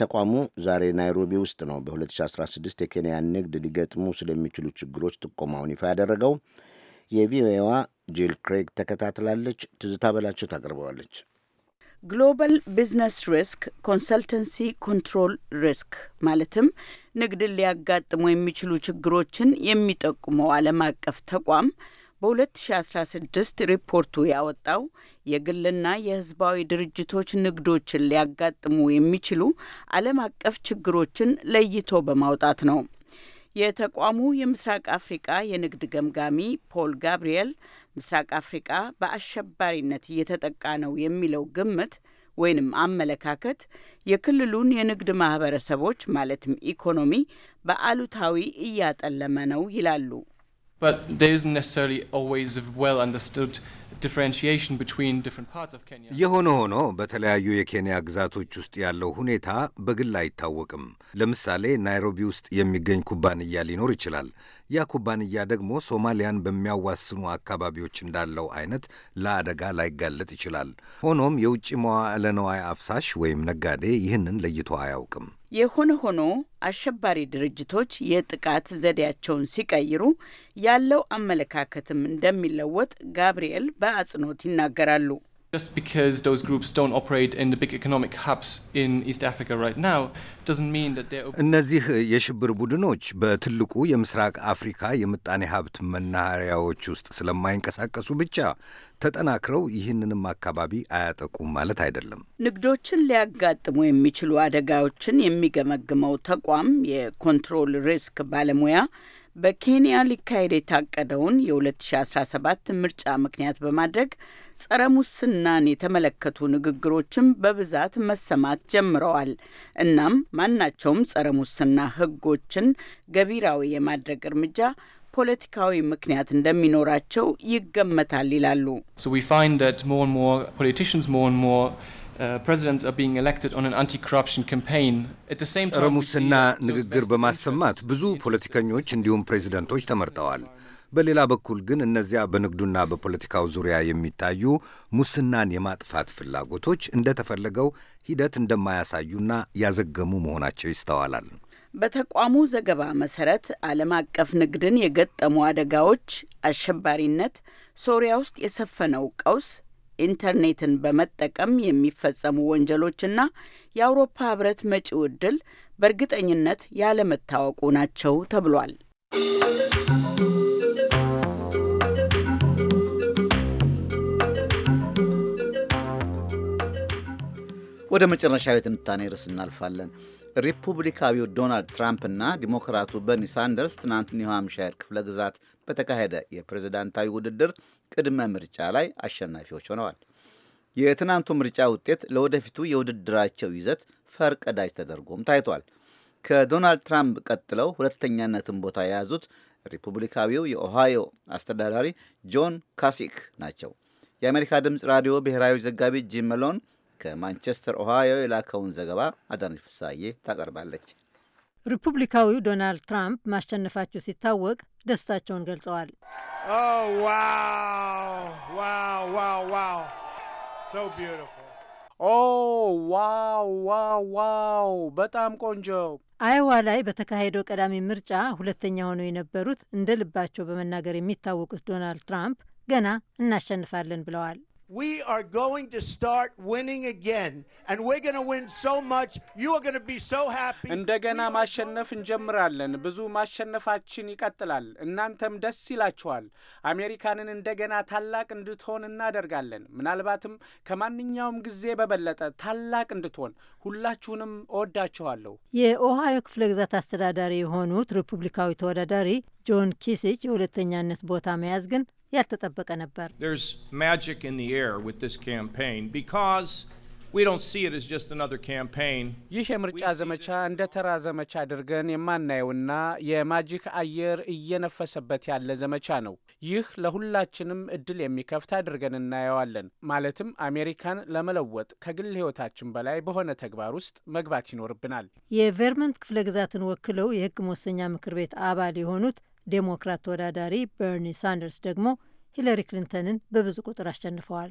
ተቋሙ ዛሬ ናይሮቢ ውስጥ ነው በ2016 የኬንያ ንግድ ሊገጥሙ ስለሚችሉ ችግሮች ጥቆማውን ይፋ ያደረገው። የቪኦኤዋ ጂል ክሬግ ተከታትላለች። ትዝታ በላቸው ታቀርበዋለች። ግሎባል ቢዝነስ ሪስክ ኮንሰልተንሲ ኮንትሮል ሪስክ ማለትም ንግድን ሊያጋጥሙ የሚችሉ ችግሮችን የሚጠቁመው ዓለም አቀፍ ተቋም በ2016 ሪፖርቱ ያወጣው የግልና የሕዝባዊ ድርጅቶች ንግዶችን ሊያጋጥሙ የሚችሉ ዓለም አቀፍ ችግሮችን ለይቶ በማውጣት ነው። የተቋሙ የምስራቅ አፍሪቃ የንግድ ገምጋሚ ፖል ጋብርኤል ምስራቅ አፍሪቃ በአሸባሪነት እየተጠቃ ነው የሚለው ግምት ወይንም አመለካከት የክልሉን የንግድ ማህበረሰቦች ማለትም ኢኮኖሚ በአሉታዊ እያጠለመ ነው ይላሉ። but there isn't necessarily always a well understood differentiation between different parts of Kenya. የሆነ ሆኖ በተለያዩ የኬንያ ግዛቶች ውስጥ ያለው ሁኔታ በግል አይታወቅም። ለምሳሌ ናይሮቢ ውስጥ የሚገኝ ኩባንያ ሊኖር ይችላል። ያ ኩባንያ ደግሞ ሶማሊያን በሚያዋስኑ አካባቢዎች እንዳለው አይነት ለአደጋ ላይጋለጥ ይችላል። ሆኖም የውጭ መዋዕለ ነዋይ አፍሳሽ ወይም ነጋዴ ይህንን ለይቶ አያውቅም። የሆነ ሆኖ አሸባሪ ድርጅቶች የጥቃት ዘዴያቸውን ሲቀይሩ ያለው አመለካከትም እንደሚለወጥ ጋብርኤል በአጽንኦት ይናገራሉ። Just because those groups don't operate in the big economic hubs in East Africa right now doesn't mean that they're እነዚህ የሽብር ቡድኖች በትልቁ የምስራቅ አፍሪካ የምጣኔ ሀብት መናኸሪያዎች ውስጥ ስለማይንቀሳቀሱ ብቻ ተጠናክረው ይህንንም አካባቢ አያጠቁም ማለት አይደለም። ንግዶችን ሊያጋጥሙ የሚችሉ አደጋዎችን የሚገመግመው ተቋም የኮንትሮል ሪስክ ባለሙያ በኬንያ ሊካሄድ የታቀደውን የ2017 ምርጫ ምክንያት በማድረግ ጸረ ሙስናን የተመለከቱ ንግግሮችም በብዛት መሰማት ጀምረዋል። እናም ማናቸውም ጸረ ሙስና ሕጎችን ገቢራዊ የማድረግ እርምጃ ፖለቲካዊ ምክንያት እንደሚኖራቸው ይገመታል ይላሉ። ጸረ uh, ሙስና ንግግር በማሰማት ብዙ ፖለቲከኞች እንዲሁም ፕሬዚደንቶች ተመርጠዋል። በሌላ በኩል ግን እነዚያ በንግዱና በፖለቲካው ዙሪያ የሚታዩ ሙስናን የማጥፋት ፍላጎቶች እንደተፈለገው ሂደት እንደማያሳዩና ያዘገሙ መሆናቸው ይስተዋላል። በተቋሙ ዘገባ መሰረት ዓለም አቀፍ ንግድን የገጠሙ አደጋዎች፣ አሸባሪነት፣ ሶሪያ ውስጥ የሰፈነው ቀውስ፣ ኢንተርኔትን በመጠቀም የሚፈጸሙ ወንጀሎችና የአውሮፓ ህብረት መጪው ዕድል በእርግጠኝነት ያለመታወቁ ናቸው ተብሏል። ወደ መጨረሻዊ ትንታኔ ርዕስ እናልፋለን። ሪፑብሊካዊው ዶናልድ ትራምፕና ዲሞክራቱ በርኒ ሳንደርስ ትናንት ኒው ክፍለ ግዛት በተካሄደ የፕሬዝዳንታዊ ውድድር ቅድመ ምርጫ ላይ አሸናፊዎች ሆነዋል። የትናንቱ ምርጫ ውጤት ለወደፊቱ የውድድራቸው ይዘት ፈርቀዳጅ ተደርጎም ታይቷል። ከዶናልድ ትራምፕ ቀጥለው ሁለተኛነትን ቦታ የያዙት ሪፑብሊካዊው የኦሃዮ አስተዳዳሪ ጆን ካሲክ ናቸው። የአሜሪካ ድምፅ ራዲዮ ብሔራዊ ዘጋቢ ጂም መሎን ከማንቸስተር ኦሃዮ የላከውን ዘገባ አዳነች ፍሳዬ ታቀርባለች። ሪፑብሊካዊው ዶናልድ ትራምፕ ማሸነፋቸው ሲታወቅ ደስታቸውን ገልጸዋል። ዋው ዋው! በጣም ቆንጆ። አይዋ ላይ በተካሄደው ቀዳሚ ምርጫ ሁለተኛ ሆነው የነበሩት እንደ ልባቸው በመናገር የሚታወቁት ዶናልድ ትራምፕ ገና እናሸንፋለን ብለዋል። we are going to start winning again and we're going to win so much you are going to be so happy እንደገና ማሸነፍ እንጀምራለን። ብዙ ማሸነፋችን ይቀጥላል። እናንተም ደስ ይላችኋል። አሜሪካንን እንደገና ታላቅ እንድትሆን እናደርጋለን። ምናልባትም ከማንኛውም ጊዜ በበለጠ ታላቅ እንድትሆን ሁላችሁንም እወዳችኋለሁ። የኦሃዮ ክፍለ ግዛት አስተዳዳሪ የሆኑት ሪፑብሊካዊ ተወዳዳሪ ጆን ኪሲች የሁለተኛነት ቦታ መያዝ ግን ያልተጠበቀ ነበር። ይህ የምርጫ ዘመቻ እንደ ተራ ዘመቻ አድርገን የማናየውና የማጂክ አየር እየነፈሰበት ያለ ዘመቻ ነው። ይህ ለሁላችንም እድል የሚከፍት አድርገን እናየዋለን። ማለትም አሜሪካን ለመለወጥ ከግል ሕይወታችን በላይ በሆነ ተግባር ውስጥ መግባት ይኖርብናል። የቨርመንት ክፍለ ግዛትን ወክለው የህግ መወሰኛ ምክር ቤት አባል የሆኑት ዴሞክራት ተወዳዳሪ በርኒ ሳንደርስ ደግሞ ሂለሪ ክሊንተንን በብዙ ቁጥር አሸንፈዋል።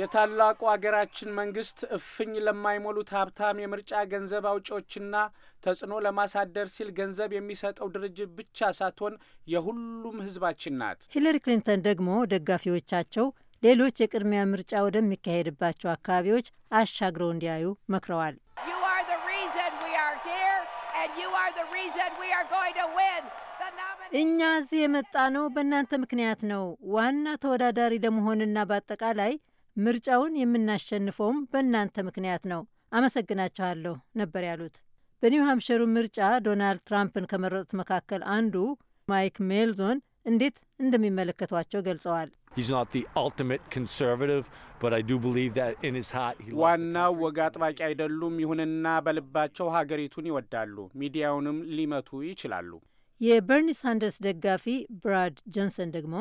የታላቁ አገራችን መንግስት እፍኝ ለማይሞሉት ሀብታም የምርጫ ገንዘብ አውጪዎችና ተጽዕኖ ለማሳደር ሲል ገንዘብ የሚሰጠው ድርጅት ብቻ ሳትሆን የሁሉም ህዝባችን ናት። ሂለሪ ክሊንተን ደግሞ ደጋፊዎቻቸው ሌሎች የቅድሚያ ምርጫ ወደሚካሄድባቸው አካባቢዎች አሻግረው እንዲያዩ መክረዋል። እኛ እዚህ የመጣ ነው በእናንተ ምክንያት ነው። ዋና ተወዳዳሪ ለመሆንና በአጠቃላይ ምርጫውን የምናሸንፈውም በእናንተ ምክንያት ነው። አመሰግናችኋለሁ ነበር ያሉት። በኒው ሃምሸሩ ምርጫ ዶናልድ ትራምፕን ከመረጡት መካከል አንዱ ማይክ ሜልዞን እንዴት እንደሚመለከቷቸው ገልጸዋል። ዋናው ወግ አጥባቂ አይደሉም። ይሁንና በልባቸው ሀገሪቱን ይወዳሉ። ሚዲያውንም ሊመቱ ይችላሉ። የበርኒ ሳንደርስ ደጋፊ ብራድ ጆንሰን ደግሞ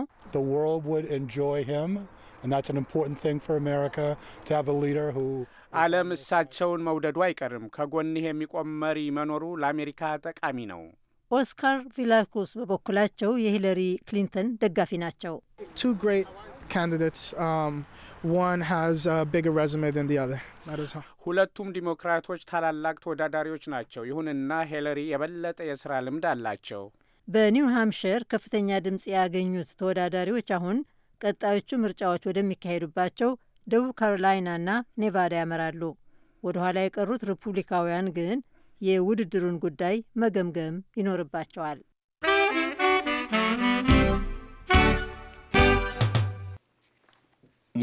ዓለም እሳቸውን መውደዱ አይቀርም። ከጎንህ የሚቆም መሪ መኖሩ ለአሜሪካ ጠቃሚ ነው። ኦስካር ቪላኩስ በበኩላቸው የሂለሪ ክሊንተን ደጋፊ ናቸው። um, ሁለቱም ዲሞክራቶች ታላላቅ ተወዳዳሪዎች ናቸው። ይሁንና ሂለሪ የበለጠ የስራ ልምድ አላቸው። በኒው ሃምሽር ከፍተኛ ድምፅ ያገኙት ተወዳዳሪዎች አሁን ቀጣዮቹ ምርጫዎች ወደሚካሄዱባቸው ደቡብ ካሮላይናና ኔቫዳ ያመራሉ። ወደ ኋላ የቀሩት ሪፑብሊካውያን ግን የውድድሩን ጉዳይ መገምገም ይኖርባቸዋል።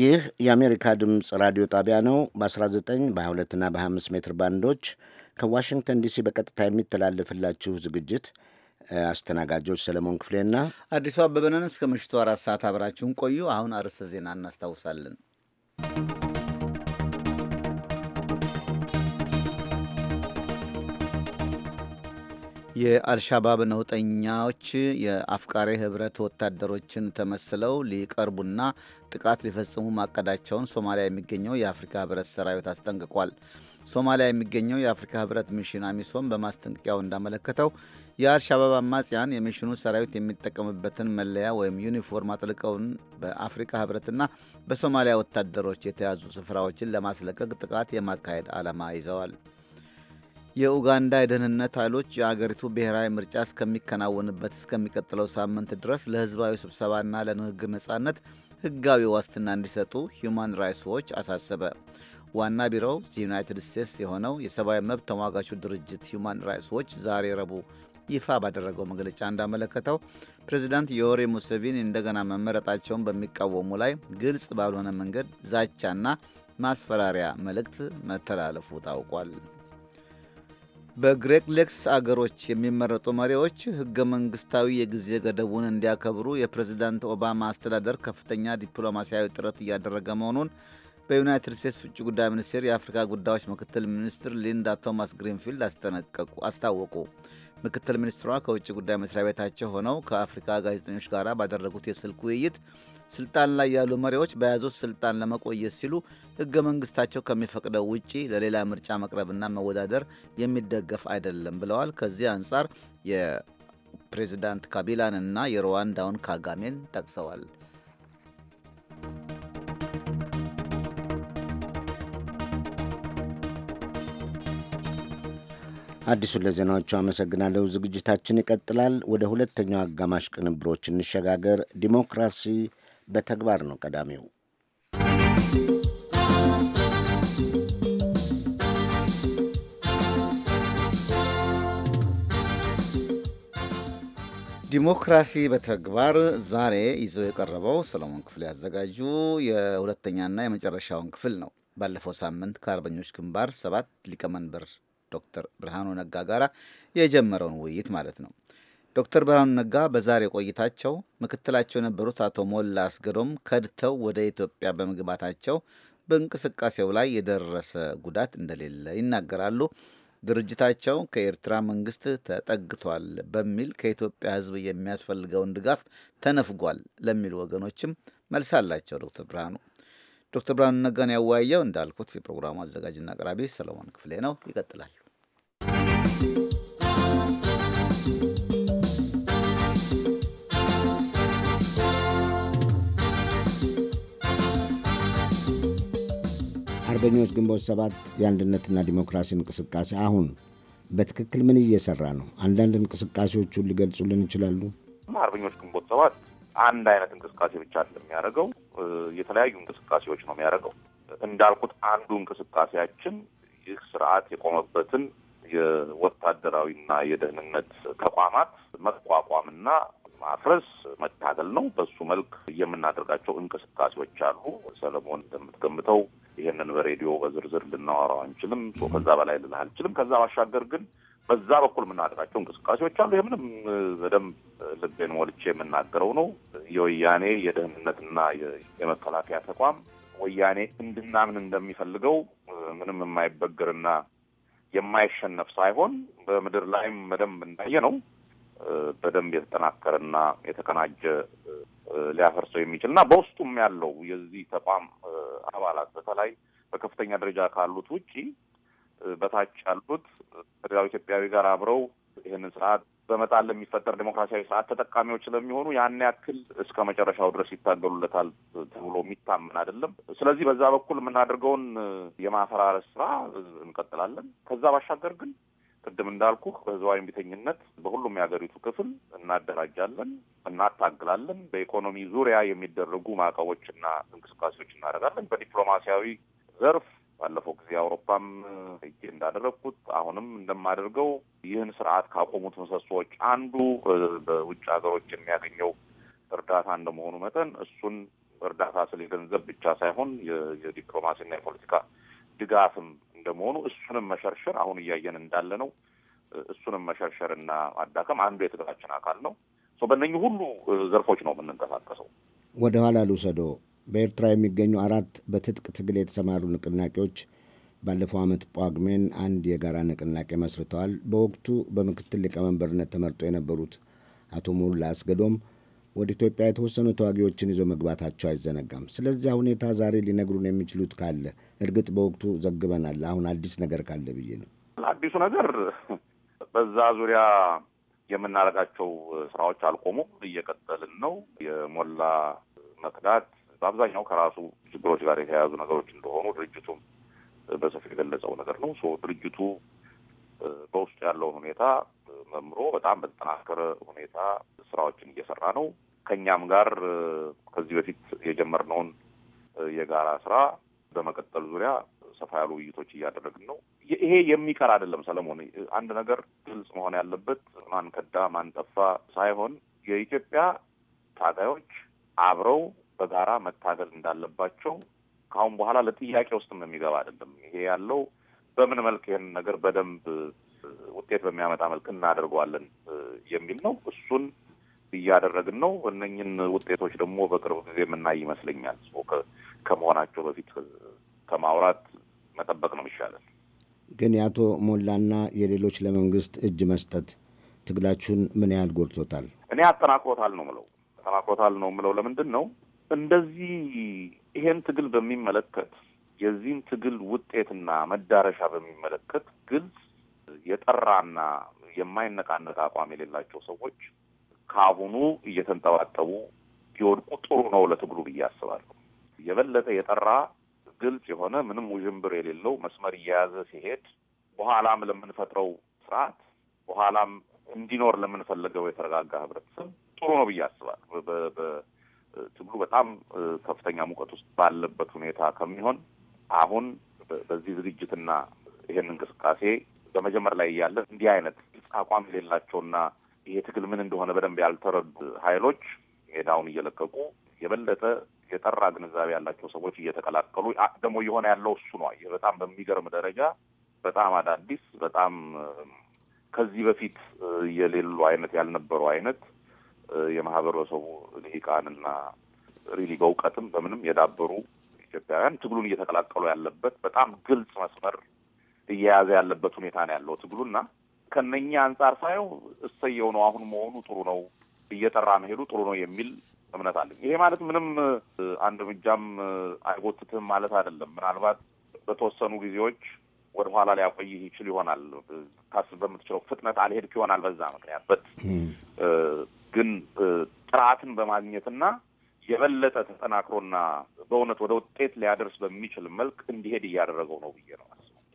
ይህ የአሜሪካ ድምፅ ራዲዮ ጣቢያ ነው። በ19 በ22ና በ25 ሜትር ባንዶች ከዋሽንግተን ዲሲ በቀጥታ የሚተላለፍላችሁ ዝግጅት አስተናጋጆች ሰለሞን ክፍሌና አዲሱ አበበ ነን። እስከ ምሽቱ አራት ሰዓት አብራችሁን ቆዩ። አሁን አርዕስተ ዜና እናስታውሳለን። የአልሻባብ ነውጠኛዎች የአፍቃሪ ህብረት ወታደሮችን ተመስለው ሊቀርቡና ጥቃት ሊፈጽሙ ማቀዳቸውን ሶማሊያ የሚገኘው የአፍሪካ ህብረት ሰራዊት አስጠንቅቋል። ሶማሊያ የሚገኘው የአፍሪካ ህብረት ሚሽን አሚሶም በማስጠንቀቂያው እንዳመለከተው የአልሻባብ አማጽያን የሚሽኑ ሰራዊት የሚጠቀምበትን መለያ ወይም ዩኒፎርም አጥልቀውን በአፍሪካ ህብረትና በሶማሊያ ወታደሮች የተያዙ ስፍራዎችን ለማስለቀቅ ጥቃት የማካሄድ ዓላማ ይዘዋል። የኡጋንዳ የደህንነት ኃይሎች የአገሪቱ ብሔራዊ ምርጫ እስከሚከናወንበት እስከሚቀጥለው ሳምንት ድረስ ለህዝባዊ ስብሰባና ለንግግር ነጻነት ሕጋዊ ዋስትና እንዲሰጡ ሂዩማን ራይትስ ዎች አሳሰበ። ዋና ቢሮው ዩናይትድ ስቴትስ የሆነው የሰብአዊ መብት ተሟጋቹ ድርጅት ሂዩማን ራይትስ ዎች ዛሬ ረቡዕ ይፋ ባደረገው መግለጫ እንዳመለከተው ፕሬዚዳንት ዮዌሪ ሙሴቪኒ እንደገና መመረጣቸውን በሚቃወሙ ላይ ግልጽ ባልሆነ መንገድ ዛቻና ማስፈራሪያ መልእክት መተላለፉ ታውቋል። በግሬት ሌክስ አገሮች የሚመረጡ መሪዎች ህገ መንግስታዊ የጊዜ ገደቡን እንዲያከብሩ የፕሬዝዳንት ኦባማ አስተዳደር ከፍተኛ ዲፕሎማሲያዊ ጥረት እያደረገ መሆኑን በዩናይትድ ስቴትስ ውጭ ጉዳይ ሚኒስቴር የአፍሪካ ጉዳዮች ምክትል ሚኒስትር ሊንዳ ቶማስ ግሪንፊልድ አስጠነቀቁ አስታወቁ። ምክትል ሚኒስትሯ ከውጭ ጉዳይ መስሪያ ቤታቸው ሆነው ከአፍሪካ ጋዜጠኞች ጋር ባደረጉት የስልክ ውይይት ስልጣን ላይ ያሉ መሪዎች በያዙት ስልጣን ለመቆየት ሲሉ ህገ መንግስታቸው ከሚፈቅደው ውጪ ለሌላ ምርጫ መቅረብና መወዳደር የሚደገፍ አይደለም ብለዋል። ከዚህ አንጻር የፕሬዚዳንት ካቢላን እና የሩዋንዳውን ካጋሜን ጠቅሰዋል። አዲሱን ለዜናዎቹ አመሰግናለሁ። ዝግጅታችን ይቀጥላል። ወደ ሁለተኛው አጋማሽ ቅንብሮች እንሸጋገር። ዲሞክራሲ በተግባር ነው ቀዳሚው። ዲሞክራሲ በተግባር ዛሬ ይዞ የቀረበው ሰለሞን ክፍል ያዘጋጁ የሁለተኛና የመጨረሻውን ክፍል ነው። ባለፈው ሳምንት ከአርበኞች ግንባር ሰባት ሊቀመንበር ዶክተር ብርሃኑ ነጋ ጋራ የጀመረውን ውይይት ማለት ነው። ዶክተር ብርሃኑ ነጋ በዛሬ ቆይታቸው ምክትላቸው የነበሩት አቶ ሞላ አስገዶም ከድተው ወደ ኢትዮጵያ በመግባታቸው በእንቅስቃሴው ላይ የደረሰ ጉዳት እንደሌለ ይናገራሉ። ድርጅታቸው ከኤርትራ መንግስት ተጠግቷል በሚል ከኢትዮጵያ ሕዝብ የሚያስፈልገውን ድጋፍ ተነፍጓል ለሚሉ ወገኖችም መልስ አላቸው። ዶክተር ብርሃኑ ዶክተር ብርሃኑ ነጋን ያወያየው እንዳልኩት የፕሮግራሙ አዘጋጅና አቅራቢ ሰለሞን ክፍሌ ነው። ይቀጥላል። ዳግመኞች ግንቦት ሰባት የአንድነትና ዲሞክራሲ እንቅስቃሴ አሁን በትክክል ምን እየሰራ ነው? አንዳንድ እንቅስቃሴዎቹን ሊገልጹልን ይችላሉ? አርበኞች ግንቦት ሰባት አንድ አይነት እንቅስቃሴ ብቻ የሚያደርገው የተለያዩ እንቅስቃሴዎች ነው የሚያደርገው። እንዳልኩት አንዱ እንቅስቃሴያችን ይህ ስርዓት የቆመበትን የወታደራዊና የደህንነት ተቋማት መቋቋምና ማፍረስ መታገል ነው። በሱ መልክ የምናደርጋቸው እንቅስቃሴዎች አሉ። ሰለሞን እንደምትገምተው ይሄንን በሬዲዮ በዝርዝር ልናወራው አንችልም። ከዛ በላይ ልልህ አልችልም። ከዛ ባሻገር ግን በዛ በኩል የምናደርጋቸው እንቅስቃሴዎች አሉ። ይህ ምንም በደንብ ልቤን ሞልቼ የምናገረው ነው። የወያኔ የደህንነትና የመከላከያ ተቋም ወያኔ እንድናምን እንደሚፈልገው ምንም የማይበግርና የማይሸነፍ ሳይሆን በምድር ላይም በደንብ እንዳየ ነው በደንብ የተጠናከረና የተቀናጀ ሊያፈርሰው የሚችል እና በውስጡም ያለው የዚህ ተቋም አባላት በተለይ በከፍተኛ ደረጃ ካሉት ውጪ በታች ያሉት ከሌላው ኢትዮጵያዊ ጋር አብረው ይህንን ስርዓት በመጣል ለሚፈጠር ዴሞክራሲያዊ ስርዓት ተጠቃሚዎች ስለሚሆኑ ያን ያክል እስከ መጨረሻው ድረስ ይታገሉለታል ተብሎ የሚታመን አይደለም። ስለዚህ በዛ በኩል የምናደርገውን የማፈራረስ ስራ እንቀጥላለን። ከዛ ባሻገር ግን ቅድም እንዳልኩ በህዝባዊ እምቢተኝነት በሁሉም የሀገሪቱ ክፍል እናደራጃለን፣ እናታግላለን። በኢኮኖሚ ዙሪያ የሚደረጉ ማዕቀቦችና እንቅስቃሴዎች እናደርጋለን። በዲፕሎማሲያዊ ዘርፍ ባለፈው ጊዜ አውሮፓም እጄ እንዳደረግኩት አሁንም እንደማደርገው ይህን ስርዓት ካቆሙት ምሰሶዎች አንዱ በውጭ ሀገሮች የሚያገኘው እርዳታ እንደመሆኑ መጠን እሱን እርዳታ ስለ ብቻ ሳይሆን የዲፕሎማሲና የፖለቲካ ድጋፍም እንደመሆኑ እሱንም መሸርሸር አሁን እያየን እንዳለ ነው። እሱንም እና ማዳከም አንዱ የትግላችን አካል ነው። በእነኚህ ሁሉ ዘርፎች ነው የምንንቀሳቀሰው። ወደኋላ ልውሰዶ በኤርትራ የሚገኙ አራት በትጥቅ ትግል የተሰማሩ ንቅናቄዎች ባለፈው ዓመት ጳጉሜን አንድ የጋራ ንቅናቄ መስርተዋል። በወቅቱ በምክትል ሊቀመንበርነት ተመርጦ የነበሩት አቶ ሞላ አስገዶም ወደ ኢትዮጵያ የተወሰኑ ተዋጊዎችን ይዞ መግባታቸው አይዘነጋም። ስለዚያ ሁኔታ ዛሬ ሊነግሩን የሚችሉት ካለ፣ እርግጥ በወቅቱ ዘግበናል። አሁን አዲስ ነገር ካለ ብዬ ነው። አዲሱ ነገር በዛ ዙሪያ የምናደርጋቸው ስራዎች አልቆሙም፣ እየቀጠልን ነው። የሞላ መክዳት በአብዛኛው ከራሱ ችግሮች ጋር የተያያዙ ነገሮች እንደሆኑ ድርጅቱም በሰፊ የገለጸው ነገር ነው። ድርጅቱ በውስጡ ያለው ሁኔታ መምሮ በጣም በተጠናከረ ሁኔታ ስራዎችን እየሰራ ነው። ከእኛም ጋር ከዚህ በፊት የጀመርነውን የጋራ ስራ በመቀጠል ዙሪያ ሰፋ ያሉ ውይይቶች እያደረግን ነው። ይሄ የሚቀር አይደለም ሰለሞን። አንድ ነገር ግልጽ መሆን ያለበት ማን ከዳ ማን ጠፋ ሳይሆን የኢትዮጵያ ታጋዮች አብረው በጋራ መታገል እንዳለባቸው ከአሁን በኋላ ለጥያቄ ውስጥም የሚገባ አይደለም። ይሄ ያለው በምን መልክ ይህን ነገር በደንብ ውጤት በሚያመጣ መልክ እናደርገዋለን የሚል ነው። እሱን እያደረግን ነው። እነኝን ውጤቶች ደግሞ በቅርብ ጊዜ የምናይ ይመስለኛል። ከመሆናቸው በፊት ከማውራት መጠበቅ ነው የሚሻለን። ግን የአቶ ሞላና የሌሎች ለመንግስት እጅ መስጠት ትግላችሁን ምን ያህል ጎድቶታል? እኔ አጠናክሮታል ነው ምለው አጠናክሮታል ነው ምለው። ለምንድን ነው እንደዚህ ይሄን ትግል በሚመለከት የዚህን ትግል ውጤትና መዳረሻ በሚመለከት ግልጽ የጠራና የማይነቃነቅ አቋም የሌላቸው ሰዎች ከአሁኑ እየተንጠባጠቡ ቢወድቁ ጥሩ ነው ለትግሉ ብዬ አስባለሁ። የበለጠ የጠራ ግልጽ የሆነ ምንም ውዥንብር የሌለው መስመር እየያዘ ሲሄድ በኋላም ለምንፈጥረው ስርዓት በኋላም እንዲኖር ለምንፈለገው የተረጋጋ ህብረተሰብ ጥሩ ነው ብዬ አስባለሁ። ትግሉ በጣም ከፍተኛ ሙቀት ውስጥ ባለበት ሁኔታ ከሚሆን አሁን በዚህ ዝግጅትና ይሄን እንቅስቃሴ በመጀመር ላይ እያለ እንዲህ አይነት አቋም የሌላቸውና ይሄ ትግል ምን እንደሆነ በደንብ ያልተረዱ ኃይሎች ሜዳውን እየለቀቁ የበለጠ የጠራ ግንዛቤ ያላቸው ሰዎች እየተቀላቀሉ ደግሞ እየሆነ ያለው እሱ ነው። በጣም በሚገርም ደረጃ በጣም አዳዲስ በጣም ከዚህ በፊት የሌሉ አይነት ያልነበሩ አይነት የማህበረሰቡ ልሂቃንና ሪሊ በእውቀትም በምንም የዳበሩ ኢትዮጵያውያን ትግሉን እየተቀላቀሉ ያለበት በጣም ግልጽ መስመር እየያዘ ያለበት ሁኔታ ነው ያለው ትግሉና ከነኛ አንጻር ሳየው እሰየው ነው። አሁን መሆኑ ጥሩ ነው፣ እየጠራ መሄዱ ጥሩ ነው የሚል እምነት አለኝ። ይሄ ማለት ምንም አንድ እርምጃም አይጎትትም ማለት አይደለም። ምናልባት በተወሰኑ ጊዜዎች ወደ ኋላ ሊያቆይህ ይችል ይሆናል። ታስብ በምትችለው ፍጥነት አልሄድክ ይሆናል። በዛ ምክንያት በት ግን ጥራትን በማግኘትና የበለጠ ተጠናክሮና በእውነት ወደ ውጤት ሊያደርስ በሚችል መልክ እንዲሄድ እያደረገው ነው ብዬ ነው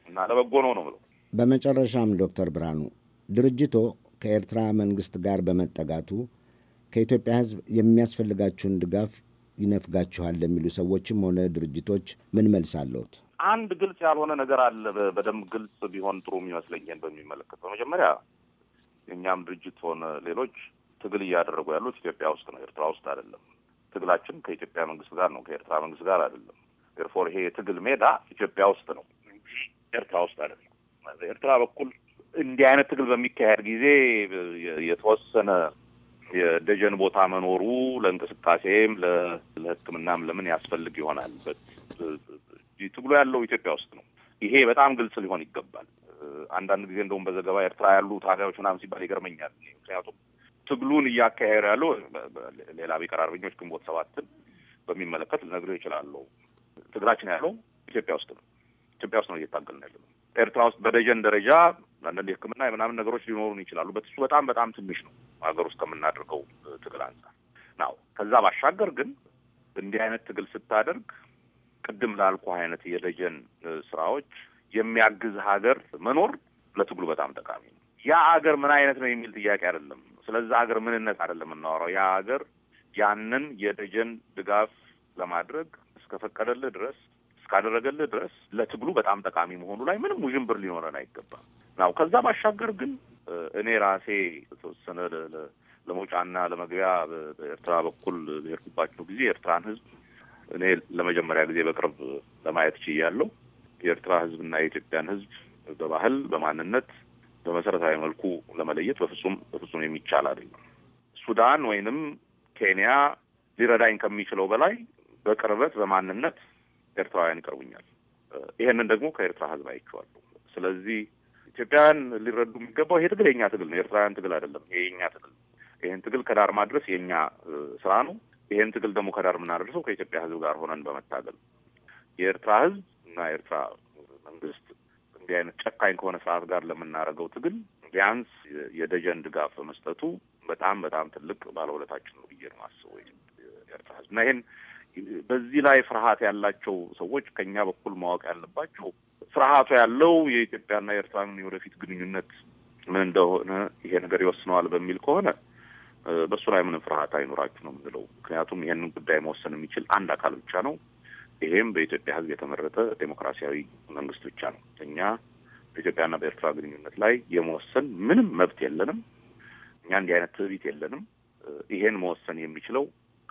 እና ለበጎ ነው ነው ብለው በመጨረሻም ዶክተር ብርሃኑ ድርጅቶ ከኤርትራ መንግስት ጋር በመጠጋቱ ከኢትዮጵያ ሕዝብ የሚያስፈልጋችሁን ድጋፍ ይነፍጋችኋል ለሚሉ ሰዎችም ሆነ ድርጅቶች ምን መልስ አለሁት? አንድ ግልጽ ያልሆነ ነገር አለ። በደንብ ግልጽ ቢሆን ጥሩ የሚመስለኝን በሚመለከት በመጀመሪያ የእኛም ድርጅት ሆነ ሌሎች ትግል እያደረጉ ያሉት ኢትዮጵያ ውስጥ ነው፣ ኤርትራ ውስጥ አይደለም። ትግላችን ከኢትዮጵያ መንግስት ጋር ነው፣ ከኤርትራ መንግስት ጋር አይደለም። ኤርፎር ይሄ የትግል ሜዳ ኢትዮጵያ ውስጥ ነው፣ ኤርትራ ውስጥ አይደለም። ኤርትራ በኩል እንዲህ አይነት ትግል በሚካሄድ ጊዜ የተወሰነ የደጀን ቦታ መኖሩ ለእንቅስቃሴም ለሕክምናም ለምን ያስፈልግ ይሆናል። ትግሉ ያለው ኢትዮጵያ ውስጥ ነው። ይሄ በጣም ግልጽ ሊሆን ይገባል። አንዳንድ ጊዜ እንደውም በዘገባ ኤርትራ ያሉ ታጋዮች ምናምን ሲባል ይገርመኛል። ምክንያቱም ትግሉን እያካሄደ ያለው ሌላ ቢቀር አርበኞች ግንቦት ሰባትን በሚመለከት ልነግርህ እችላለሁ። ትግላችን ያለው ኢትዮጵያ ውስጥ ነው። ኢትዮጵያ ውስጥ ነው እየታገልን ያለ ነው። ኤርትራ ውስጥ በደጀን ደረጃ አንዳንድ የሕክምና የምናምን ነገሮች ሊኖሩን ይችላሉ። በትሱ በጣም በጣም ትንሽ ነው ሀገር ውስጥ ከምናደርገው ትግል አንጻር ናው። ከዛ ባሻገር ግን እንዲህ አይነት ትግል ስታደርግ ቅድም ላልኩ አይነት የደጀን ስራዎች የሚያግዝ ሀገር መኖር ለትግሉ በጣም ጠቃሚ ነው። ያ አገር ምን አይነት ነው የሚል ጥያቄ አይደለም። ስለዛ አገር ምንነት አይደለም እናወራው። ያ አገር ያንን የደጀን ድጋፍ ለማድረግ እስከፈቀደልህ ድረስ እስካደረገልህ ድረስ ለትግሉ በጣም ጠቃሚ መሆኑ ላይ ምንም ውዥንብር ሊኖረን አይገባም ናው ከዛ ባሻገር ግን እኔ ራሴ ተወሰነ ለመውጫና ለመግቢያ በኤርትራ በኩል በሄድኩባቸው ጊዜ የኤርትራን ሕዝብ እኔ ለመጀመሪያ ጊዜ በቅርብ ለማየት ችያለሁ። የኤርትራ ሕዝብና የኢትዮጵያን ሕዝብ በባህል በማንነት በመሰረታዊ መልኩ ለመለየት በፍጹም በፍጹም የሚቻል አይደለም። ሱዳን ወይንም ኬንያ ሊረዳኝ ከሚችለው በላይ በቅርበት በማንነት ኤርትራውያን ይቀርቡኛል። ይሄንን ደግሞ ከኤርትራ ህዝብ አይቼዋለሁ። ስለዚህ ኢትዮጵያውያን ሊረዱ የሚገባው ይሄ ትግል የኛ ትግል ነው፣ ኤርትራውያን ትግል አይደለም። ይሄ የኛ ትግል ይሄን ትግል ከዳር ማድረስ የኛ ስራ ነው። ይሄን ትግል ደግሞ ከዳር የምናደርሰው ከኢትዮጵያ ህዝብ ጋር ሆነን በመታገል የኤርትራ ህዝብ እና የኤርትራ መንግስት እንዲህ አይነት ጨካኝ ከሆነ ስርዓት ጋር ለምናደርገው ትግል ቢያንስ የደጀን ድጋፍ በመስጠቱ በጣም በጣም ትልቅ ባለውለታችን ነው ብዬ ነው አስበው ኤርትራ ህዝብ እና በዚህ ላይ ፍርሃት ያላቸው ሰዎች ከኛ በኩል ማወቅ ያለባቸው ፍርሃቱ ያለው የኢትዮጵያና የኤርትራን የወደፊት ግንኙነት ምን እንደሆነ ይሄ ነገር ይወስነዋል በሚል ከሆነ በእሱ ላይ ምንም ፍርሃት አይኖራችሁ ነው የምንለው። ምክንያቱም ይሄንን ጉዳይ መወሰን የሚችል አንድ አካል ብቻ ነው። ይሄም በኢትዮጵያ ሕዝብ የተመረጠ ዴሞክራሲያዊ መንግስት ብቻ ነው። እኛ በኢትዮጵያና በኤርትራ ግንኙነት ላይ የመወሰን ምንም መብት የለንም። እኛ እንዲህ አይነት ትዕቢት የለንም። ይሄን መወሰን የሚችለው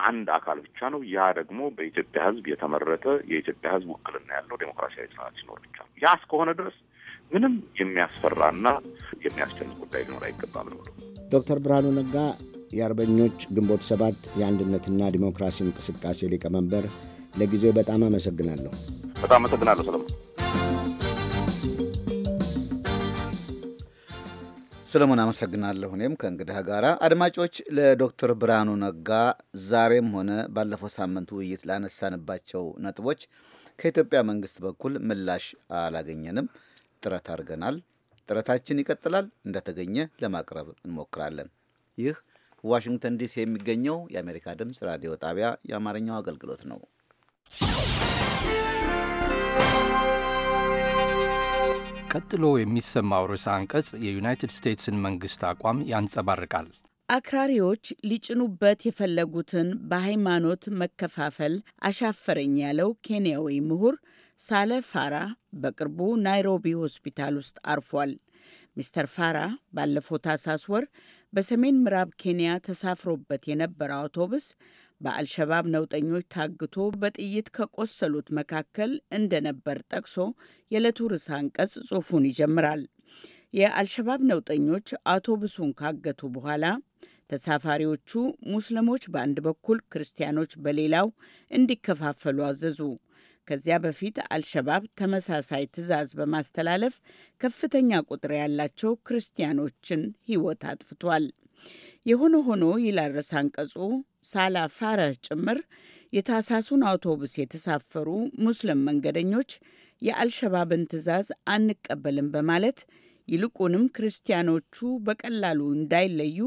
አንድ አካል ብቻ ነው። ያ ደግሞ በኢትዮጵያ ሕዝብ የተመረጠ የኢትዮጵያ ሕዝብ ውክልና ያለው ዴሞክራሲያዊ ስርዓት ሲኖር ብቻ ነው። ያ እስከሆነ ድረስ ምንም የሚያስፈራና የሚያስጨንቅ ጉዳይ ሊኖር አይገባም ነው ዶክተር ብርሃኑ ነጋ የአርበኞች ግንቦት ሰባት የአንድነትና ዲሞክራሲ እንቅስቃሴ ሊቀመንበር ለጊዜው በጣም አመሰግናለሁ። በጣም አመሰግናለሁ ሰለሞን። ሰለሞን አመሰግናለሁ። እኔም ከእንግዳ ጋራ አድማጮች፣ ለዶክተር ብርሃኑ ነጋ ዛሬም ሆነ ባለፈው ሳምንት ውይይት ላነሳንባቸው ነጥቦች ከኢትዮጵያ መንግስት በኩል ምላሽ አላገኘንም። ጥረት አድርገናል። ጥረታችን ይቀጥላል። እንደተገኘ ለማቅረብ እንሞክራለን። ይህ ዋሽንግተን ዲሲ የሚገኘው የአሜሪካ ድምፅ ራዲዮ ጣቢያ የአማርኛው አገልግሎት ነው። ቀጥሎ የሚሰማው ርዕሰ አንቀጽ የዩናይትድ ስቴትስን መንግስት አቋም ያንጸባርቃል። አክራሪዎች ሊጭኑበት የፈለጉትን በሃይማኖት መከፋፈል አሻፈረኝ ያለው ኬንያዊ ምሁር ሳለ ፋራ በቅርቡ ናይሮቢ ሆስፒታል ውስጥ አርፏል። ሚስተር ፋራ ባለፈው ታሳስ ወር በሰሜን ምዕራብ ኬንያ ተሳፍሮበት የነበረው አውቶቡስ በአልሸባብ ነውጠኞች ታግቶ በጥይት ከቆሰሉት መካከል እንደነበር ጠቅሶ የዕለቱ ርዕሰ አንቀጽ ጽሑፉን ይጀምራል። የአልሸባብ ነውጠኞች አውቶቡሱን ካገቱ በኋላ ተሳፋሪዎቹ ሙስሊሞች በአንድ በኩል፣ ክርስቲያኖች በሌላው እንዲከፋፈሉ አዘዙ። ከዚያ በፊት አልሸባብ ተመሳሳይ ትዕዛዝ በማስተላለፍ ከፍተኛ ቁጥር ያላቸው ክርስቲያኖችን ሕይወት አጥፍቷል። የሆነ ሆኖ ይላል ርዕሰ አንቀጹ፣ ሳላ ፋረህ ጭምር የታሳሱን አውቶቡስ የተሳፈሩ ሙስሊም መንገደኞች የአልሸባብን ትዕዛዝ አንቀበልም በማለት ይልቁንም ክርስቲያኖቹ በቀላሉ እንዳይለዩ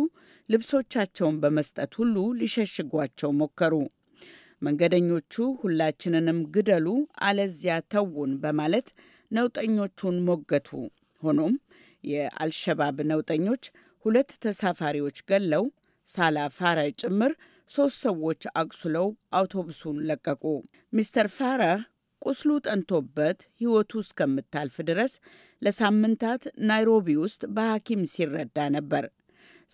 ልብሶቻቸውን በመስጠት ሁሉ ሊሸሽጓቸው ሞከሩ። መንገደኞቹ ሁላችንንም ግደሉ፣ አለዚያ ተዉን በማለት ነውጠኞቹን ሞገቱ። ሆኖም የአልሸባብ ነውጠኞች ሁለት ተሳፋሪዎች ገለው ሳላ ፋራህ ጭምር ሶስት ሰዎች አቁስለው አውቶቡሱን ለቀቁ። ሚስተር ፋራህ ቁስሉ ጠንቶበት ሕይወቱ እስከምታልፍ ድረስ ለሳምንታት ናይሮቢ ውስጥ በሐኪም ሲረዳ ነበር።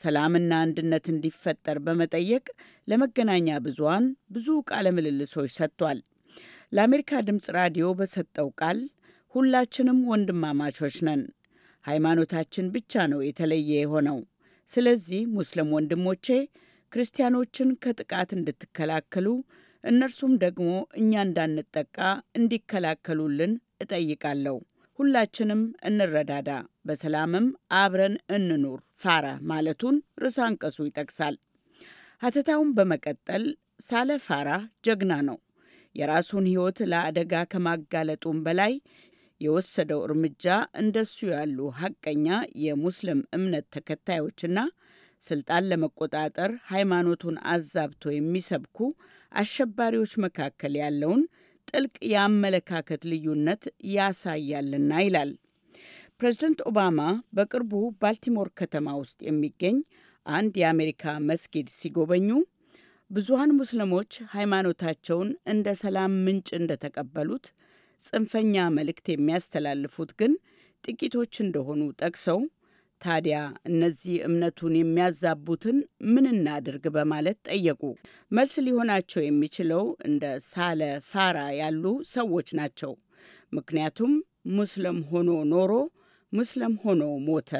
ሰላምና አንድነት እንዲፈጠር በመጠየቅ ለመገናኛ ብዙሃን ብዙ ቃለ ምልልሶች ሰጥቷል። ለአሜሪካ ድምፅ ራዲዮ በሰጠው ቃል ሁላችንም ወንድማማቾች ነን ሃይማኖታችን ብቻ ነው የተለየ የሆነው። ስለዚህ ሙስሊም ወንድሞቼ ክርስቲያኖችን ከጥቃት እንድትከላከሉ እነርሱም ደግሞ እኛ እንዳንጠቃ እንዲከላከሉልን እጠይቃለሁ። ሁላችንም እንረዳዳ፣ በሰላምም አብረን እንኑር። ፋራ ማለቱን ርዕሰ አንቀጹ ይጠቅሳል። ሀተታውን በመቀጠል ሳለ ፋራ ጀግና ነው። የራሱን ሕይወት ለአደጋ ከማጋለጡም በላይ የወሰደው እርምጃ እንደሱ ያሉ ሀቀኛ የሙስሊም እምነት ተከታዮችና ስልጣን ለመቆጣጠር ሃይማኖቱን አዛብቶ የሚሰብኩ አሸባሪዎች መካከል ያለውን ጥልቅ የአመለካከት ልዩነት ያሳያልና ይላል። ፕሬዝደንት ኦባማ በቅርቡ ባልቲሞር ከተማ ውስጥ የሚገኝ አንድ የአሜሪካ መስጊድ ሲጎበኙ ብዙሀን ሙስሊሞች ሃይማኖታቸውን እንደ ሰላም ምንጭ እንደተቀበሉት ጽንፈኛ መልእክት የሚያስተላልፉት ግን ጥቂቶች እንደሆኑ ጠቅሰው ታዲያ እነዚህ እምነቱን የሚያዛቡትን ምን እናድርግ በማለት ጠየቁ። መልስ ሊሆናቸው የሚችለው እንደ ሳለ ፋራ ያሉ ሰዎች ናቸው። ምክንያቱም ሙስለም ሆኖ ኖሮ ሙስለም ሆኖ ሞተ።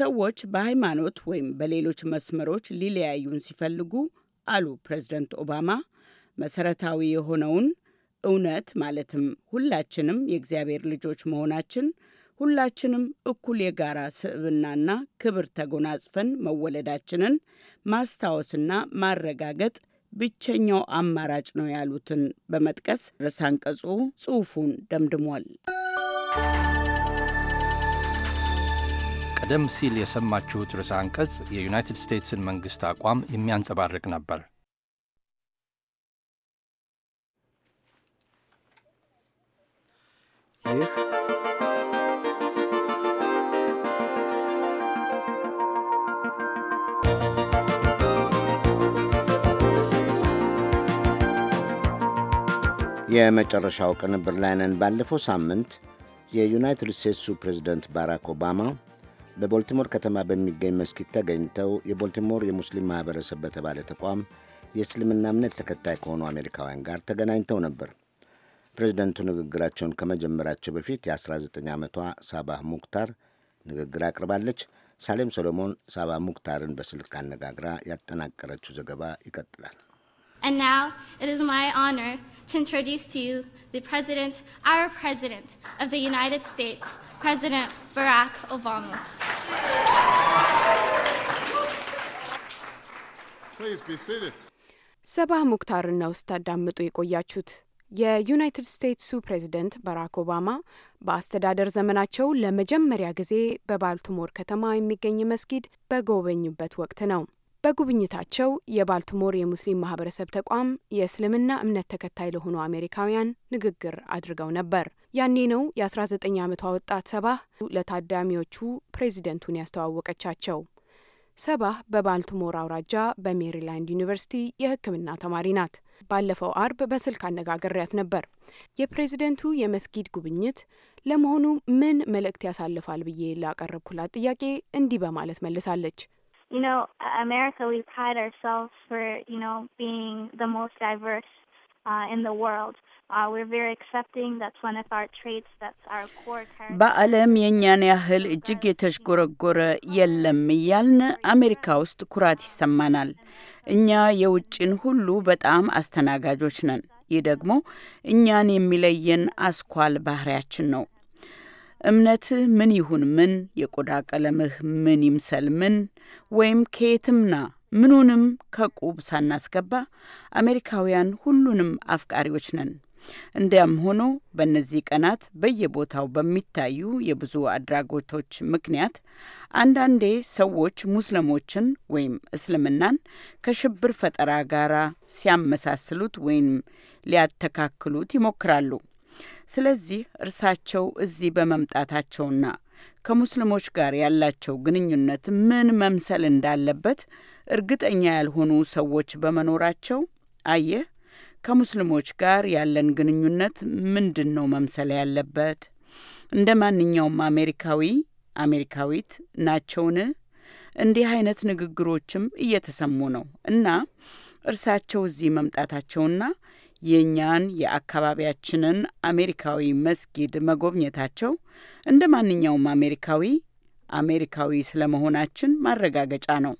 ሰዎች በሃይማኖት ወይም በሌሎች መስመሮች ሊለያዩን ሲፈልጉ አሉ ፕሬዝደንት ኦባማ መሰረታዊ የሆነውን እውነት ማለትም ሁላችንም የእግዚአብሔር ልጆች መሆናችን ሁላችንም እኩል የጋራ ስብዕናና ክብር ተጎናጽፈን መወለዳችንን ማስታወስና ማረጋገጥ ብቸኛው አማራጭ ነው ያሉትን በመጥቀስ ርዕሰ አንቀጹ ጽሑፉን ደምድሟል። ቀደም ሲል የሰማችሁት ርዕሰ አንቀጽ የዩናይትድ ስቴትስን መንግሥት አቋም የሚያንጸባርቅ ነበር። ይህ የመጨረሻው ቅንብር ላይ ነን። ባለፈው ሳምንት የዩናይትድ ስቴትሱ ፕሬዝደንት ባራክ ኦባማ በቦልቲሞር ከተማ በሚገኝ መስጊድ ተገኝተው የቦልቲሞር የሙስሊም ማኅበረሰብ በተባለ ተቋም የእስልምና እምነት ተከታይ ከሆኑ አሜሪካውያን ጋር ተገናኝተው ነበር። ፕሬዚደንቱ ንግግራቸውን ከመጀመራቸው በፊት የ19 ዓመቷ ሳባህ ሙክታር ንግግር አቅርባለች። ሳሌም ሰሎሞን ሳባህ ሙክታርን በስልክ አነጋግራ ያጠናቀረችው ዘገባ ይቀጥላል። And now it is my honor to introduce to you the President, our President of the United States, President Barack Obama. Please be seated. ሰባህ ሙክታርን ነው ስታዳምጡ የቆያችሁት። የዩናይትድ ስቴትሱ ፕሬዝደንት ባራክ ኦባማ በአስተዳደር ዘመናቸው ለመጀመሪያ ጊዜ በባልቲሞር ከተማ የሚገኝ መስጊድ በጎበኙበት ወቅት ነው። በጉብኝታቸው የባልቲሞር የሙስሊም ማህበረሰብ ተቋም የእስልምና እምነት ተከታይ ለሆኑ አሜሪካውያን ንግግር አድርገው ነበር። ያኔ ነው የ19 ዓመቷ ወጣት ሰባህ ለታዳሚዎቹ ፕሬዚደንቱን ያስተዋወቀቻቸው። ሰባህ በባልቲሞር አውራጃ በሜሪላንድ ዩኒቨርሲቲ የሕክምና ተማሪ ናት። ባለፈው አርብ በስልክ አነጋግሬያት ነበር። የፕሬዝደንቱ የመስጊድ ጉብኝት ለመሆኑ ምን መልእክት ያሳልፋል ብዬ ላቀረብኩላት ጥያቄ እንዲህ በማለት መልሳለች። uh, uh, በአለም የእኛን ያህል እጅግ የተሽጎረጎረ የለም እያልን አሜሪካ ውስጥ ኩራት ይሰማናል። እኛ የውጭን ሁሉ በጣም አስተናጋጆች ነን። ይህ ደግሞ እኛን የሚለየን አስኳል ባህሪያችን ነው። እምነትህ ምን ይሁን ምን፣ የቆዳ ቀለምህ ምን ይምሰል ምን፣ ወይም ከየትም ና ምኑንም ከቁብ ሳናስገባ አሜሪካውያን ሁሉንም አፍቃሪዎች ነን። እንዲያም ሆኖ በእነዚህ ቀናት በየቦታው በሚታዩ የብዙ አድራጎቶች ምክንያት አንዳንዴ ሰዎች ሙስሊሞችን ወይም እስልምናን ከሽብር ፈጠራ ጋር ሲያመሳስሉት ወይም ሊያተካክሉት ይሞክራሉ። ስለዚህ እርሳቸው እዚህ በመምጣታቸውና ከሙስሊሞች ጋር ያላቸው ግንኙነት ምን መምሰል እንዳለበት እርግጠኛ ያልሆኑ ሰዎች በመኖራቸው አየህ ከሙስሊሞች ጋር ያለን ግንኙነት ምንድን ነው መምሰል ያለበት? እንደ ማንኛውም አሜሪካዊ አሜሪካዊት ናቸውን? እንዲህ አይነት ንግግሮችም እየተሰሙ ነው እና እርሳቸው እዚህ መምጣታቸውና የእኛን የአካባቢያችንን አሜሪካዊ መስጊድ መጎብኘታቸው እንደ ማንኛውም አሜሪካዊ አሜሪካዊ ስለመሆናችን ማረጋገጫ ነው።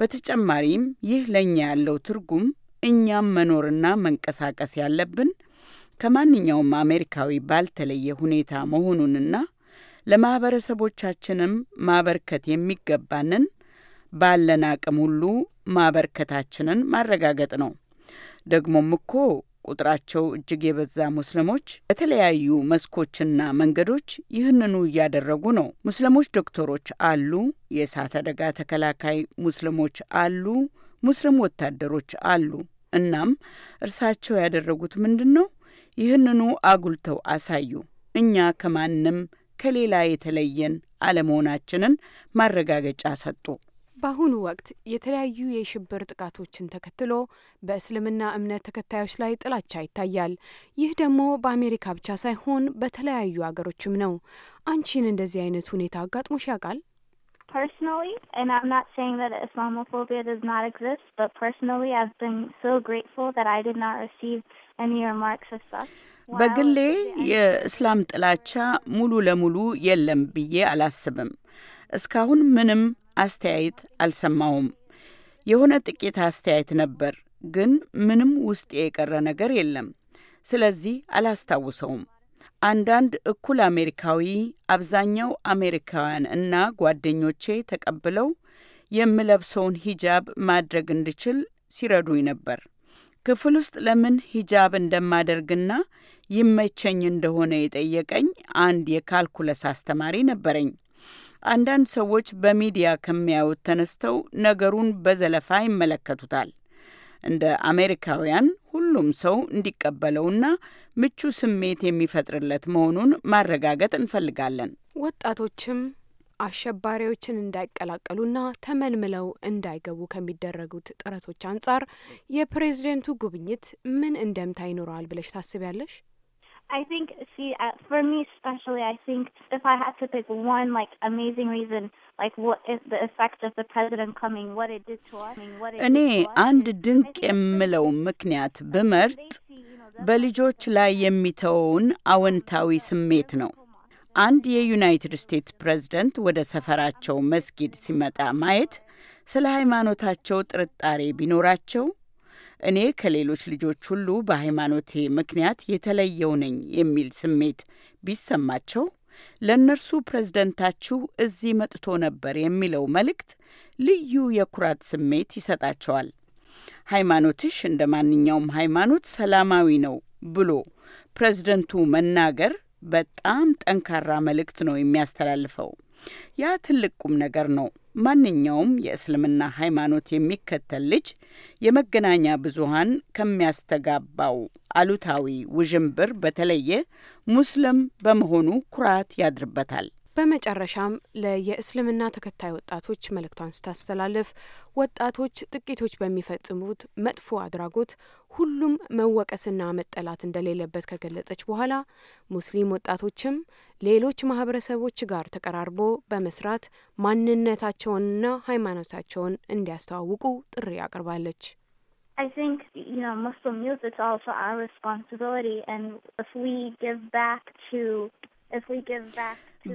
በተጨማሪም ይህ ለእኛ ያለው ትርጉም እኛም መኖርና መንቀሳቀስ ያለብን ከማንኛውም አሜሪካዊ ባልተለየ ሁኔታ መሆኑንና ለማህበረሰቦቻችንም ማበርከት የሚገባንን ባለን አቅም ሁሉ ማበርከታችንን ማረጋገጥ ነው። ደግሞም እኮ ቁጥራቸው እጅግ የበዛ ሙስሊሞች በተለያዩ መስኮችና መንገዶች ይህንኑ እያደረጉ ነው። ሙስሊሞች ዶክተሮች አሉ፣ የእሳት አደጋ ተከላካይ ሙስሊሞች አሉ፣ ሙስሊም ወታደሮች አሉ። እናም እርሳቸው ያደረጉት ምንድን ነው? ይህንኑ አጉልተው አሳዩ። እኛ ከማንም ከሌላ የተለየን አለመሆናችንን ማረጋገጫ ሰጡ። በአሁኑ ወቅት የተለያዩ የሽብር ጥቃቶችን ተከትሎ በእስልምና እምነት ተከታዮች ላይ ጥላቻ ይታያል። ይህ ደግሞ በአሜሪካ ብቻ ሳይሆን በተለያዩ አገሮችም ነው። አንቺን እንደዚህ አይነት ሁኔታ አጋጥሞሽ ያውቃል? personally, and I'm not saying that Islamophobia does not exist, but personally, I've been so grateful that I did not receive any remarks as such. በግሌ የእስላም ጥላቻ ሙሉ ለሙሉ የለም ብዬ አላስብም። እስካሁን ምንም አስተያየት አልሰማውም። የሆነ ጥቂት አስተያየት ነበር፣ ግን ምንም ውስጤ የቀረ ነገር የለም። ስለዚህ አላስታውሰውም። አንዳንድ እኩል አሜሪካዊ፣ አብዛኛው አሜሪካውያን እና ጓደኞቼ ተቀብለው የምለብሰውን ሂጃብ ማድረግ እንድችል ሲረዱኝ ነበር። ክፍል ውስጥ ለምን ሂጃብ እንደማደርግና ይመቸኝ እንደሆነ የጠየቀኝ አንድ የካልኩለስ አስተማሪ ነበረኝ። አንዳንድ ሰዎች በሚዲያ ከሚያዩት ተነስተው ነገሩን በዘለፋ ይመለከቱታል። እንደ አሜሪካውያን ሁሉም ሰው እንዲቀበለውና ምቹ ስሜት የሚፈጥርለት መሆኑን ማረጋገጥ እንፈልጋለን። ወጣቶችም አሸባሪዎችን እንዳይቀላቀሉና ተመልምለው እንዳይገቡ ከሚደረጉት ጥረቶች አንጻር የፕሬዝደንቱ ጉብኝት ምን እንደምታ ይኖረዋል ብለሽ ታስቢያለሽ? I think, see, uh, for me especially, I think if I had to pick one, like, amazing reason እኔ አንድ ድንቅ የምለው ምክንያት ብመርጥ በልጆች ላይ የሚተወውን አወንታዊ ስሜት ነው። አንድ የዩናይትድ ስቴትስ ፕሬዝደንት ወደ ሰፈራቸው መስጊድ ሲመጣ ማየት ስለ ሃይማኖታቸው ጥርጣሬ ቢኖራቸው እኔ ከሌሎች ልጆች ሁሉ በሃይማኖቴ ምክንያት የተለየው ነኝ የሚል ስሜት ቢሰማቸው ለእነርሱ ፕሬዝደንታችሁ እዚህ መጥቶ ነበር የሚለው መልእክት ልዩ የኩራት ስሜት ይሰጣቸዋል። ሃይማኖትሽ እንደ ማንኛውም ሃይማኖት ሰላማዊ ነው ብሎ ፕሬዝደንቱ መናገር በጣም ጠንካራ መልእክት ነው የሚያስተላልፈው። ያ ትልቅ ቁም ነገር ነው። ማንኛውም የእስልምና ሃይማኖት የሚከተል ልጅ የመገናኛ ብዙሃን ከሚያስተጋባው አሉታዊ ውዥንብር በተለየ ሙስልም በመሆኑ ኩራት ያድርበታል። በመጨረሻም ለየእስልምና ተከታይ ወጣቶች መልእክቷን ስታስተላልፍ ወጣቶች ጥቂቶች በሚፈጽሙት መጥፎ አድራጎት ሁሉም መወቀስና መጠላት እንደሌለበት ከገለጸች በኋላ ሙስሊም ወጣቶችም ሌሎች ማህበረሰቦች ጋር ተቀራርቦ በመስራት ማንነታቸውንና ሃይማኖታቸውን እንዲያስተዋውቁ ጥሪ አቅርባለች። I think, you know, Muslim youth, it's also our responsibility. And if we give back to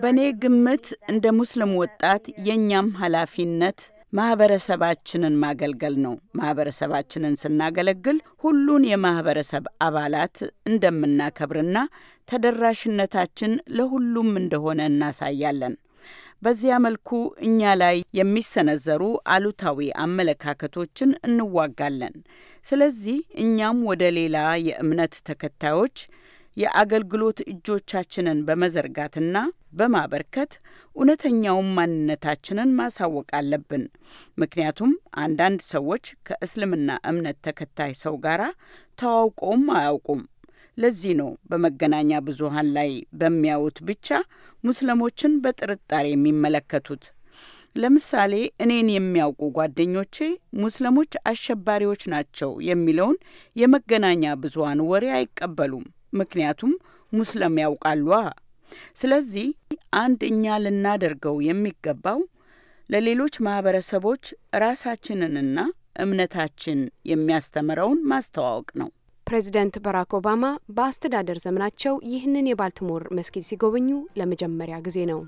በእኔ ግምት እንደ ሙስሊም ወጣት የእኛም ኃላፊነት ማህበረሰባችንን ማገልገል ነው። ማህበረሰባችንን ስናገለግል ሁሉን የማህበረሰብ አባላት እንደምናከብርና ተደራሽነታችን ለሁሉም እንደሆነ እናሳያለን። በዚያ መልኩ እኛ ላይ የሚሰነዘሩ አሉታዊ አመለካከቶችን እንዋጋለን። ስለዚህ እኛም ወደ ሌላ የእምነት ተከታዮች የአገልግሎት እጆቻችንን በመዘርጋትና በማበርከት እውነተኛውን ማንነታችንን ማሳወቅ አለብን። ምክንያቱም አንዳንድ ሰዎች ከእስልምና እምነት ተከታይ ሰው ጋር ተዋውቀውም አያውቁም። ለዚህ ነው በመገናኛ ብዙሃን ላይ በሚያዩት ብቻ ሙስሊሞችን በጥርጣሬ የሚመለከቱት። ለምሳሌ እኔን የሚያውቁ ጓደኞቼ ሙስሊሞች አሸባሪዎች ናቸው የሚለውን የመገናኛ ብዙሃን ወሬ አይቀበሉም። ምክንያቱም ሙስለም ያውቃሏ። ስለዚህ አንድ እኛ ልናደርገው የሚገባው ለሌሎች ማህበረሰቦች ራሳችንንና እምነታችን የሚያስተምረውን ማስተዋወቅ ነው። ፕሬዚደንት ባራክ ኦባማ በአስተዳደር ዘመናቸው ይህንን የባልቲሞር መስጊድ ሲጎበኙ ለመጀመሪያ ጊዜ ነው።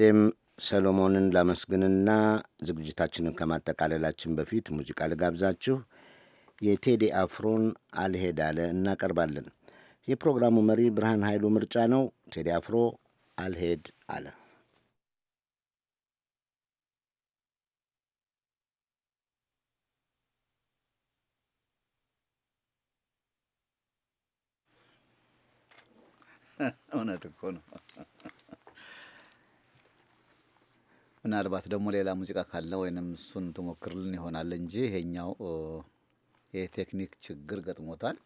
ሌም ሰሎሞንን ላመስግንና ዝግጅታችንን ከማጠቃለላችን በፊት ሙዚቃ ልጋብዛችሁ። የቴዲ አፍሮን አልሄዳለ እናቀርባለን። የፕሮግራሙ መሪ ብርሃን ኃይሉ ምርጫ ነው። ቴዲ አፍሮ አልሄድ አለ። <laughs> እውነት እኮ ነው። ምናልባት ደግሞ ሌላ ሙዚቃ ካለ ወይንም እሱን ትሞክርልን ይሆናል እንጂ ይሄኛው የቴክኒክ ችግር ገጥሞታል።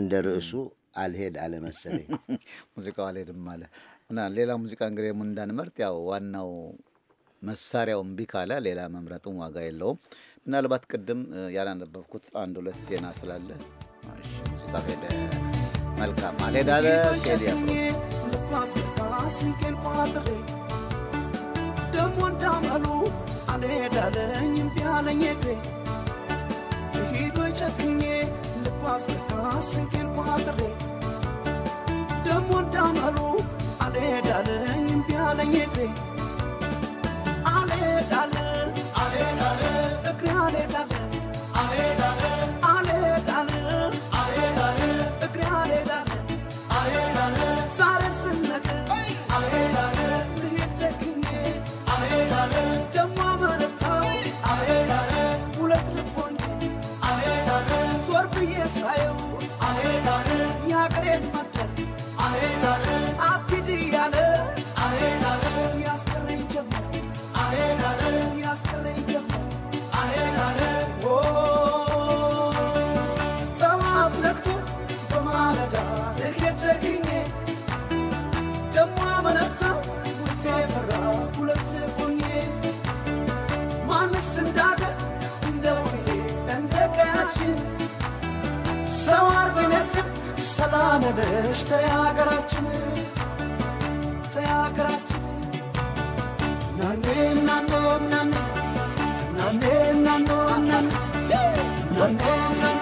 እንደ ርዕሱ አልሄድ አለመሰለኝ <laughs> ሙዚቃው አልሄድም አለ እና ሌላ ሙዚቃ እንግዲህ እንዳንመርጥ ያው ዋናው መሳሪያው እምቢ ካለ ሌላ መምረጥም ዋጋ የለውም። ምናልባት ቅድም ያላነበብኩት አንድ ሁለት ዜና ስላለ ሙዚቃ ሄደ። መልካም አልሄድ አለ ቴዲ አፍሮ ያለኝ እምቢ አለኝ እግሬ ጨክኜ ልጓዝ ብላ ስንቄን ቋጥሬ ደሞ እንዳመሉ አልሄድ አለኝ እምቢ አለኝ እግሬ እግሬ አልሄድ አለ ነሽ ተያገራችን ተያገራችን ናኔ ናኖ ናኔ ናኔ ናኖ ናኔ ናኖ ናኔ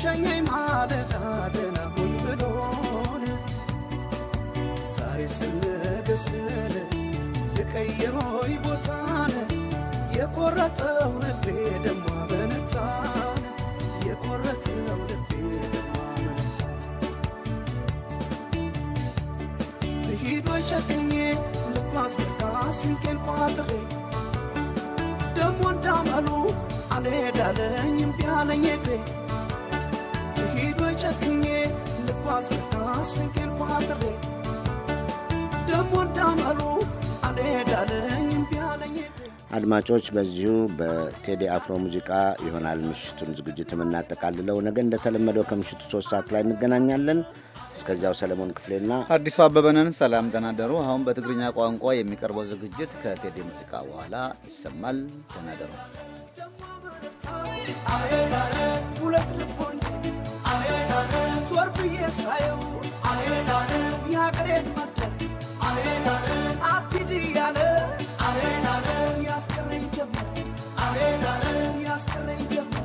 ሸኘኝ ማለዳ ደህና ሁን ብሎን ዛሬ ስንበስል የቀየሮይ ቦታን የቆረጠው ልቤ ደማ በነታን የቆረጠው ልቤ ደማ በነታን ብሂዶይ ጨክኜ ልብ ስንቄን ቋጥሬ ደሞ እንዳመሉ አልሄዳለኝ እምቢ እግሬ ልባስ ኳትሬ ደሞ አልሄዳለኝ አድማጮች፣ በዚሁ በቴዲ አፍሮ ሙዚቃ ይሆናል ምሽቱን ዝግጅት የምናጠቃልለው። ነገ እንደተለመደው ከምሽቱ ሶስት ሰዓት ላይ እንገናኛለን። እስከዚያው ሰለሞን ክፍሌና አዲሱ አበበንን ሰላም ተናደሩ። አሁን በትግርኛ ቋንቋ የሚቀርበው ዝግጅት ከቴዲ ሙዚቃ በኋላ ይሰማል። ተናደሩ። ሳየው የሀገሬን መድረክ አትሂድ እያለ ያስቀረኝ ጀመር ያስቀረኝ ጀመር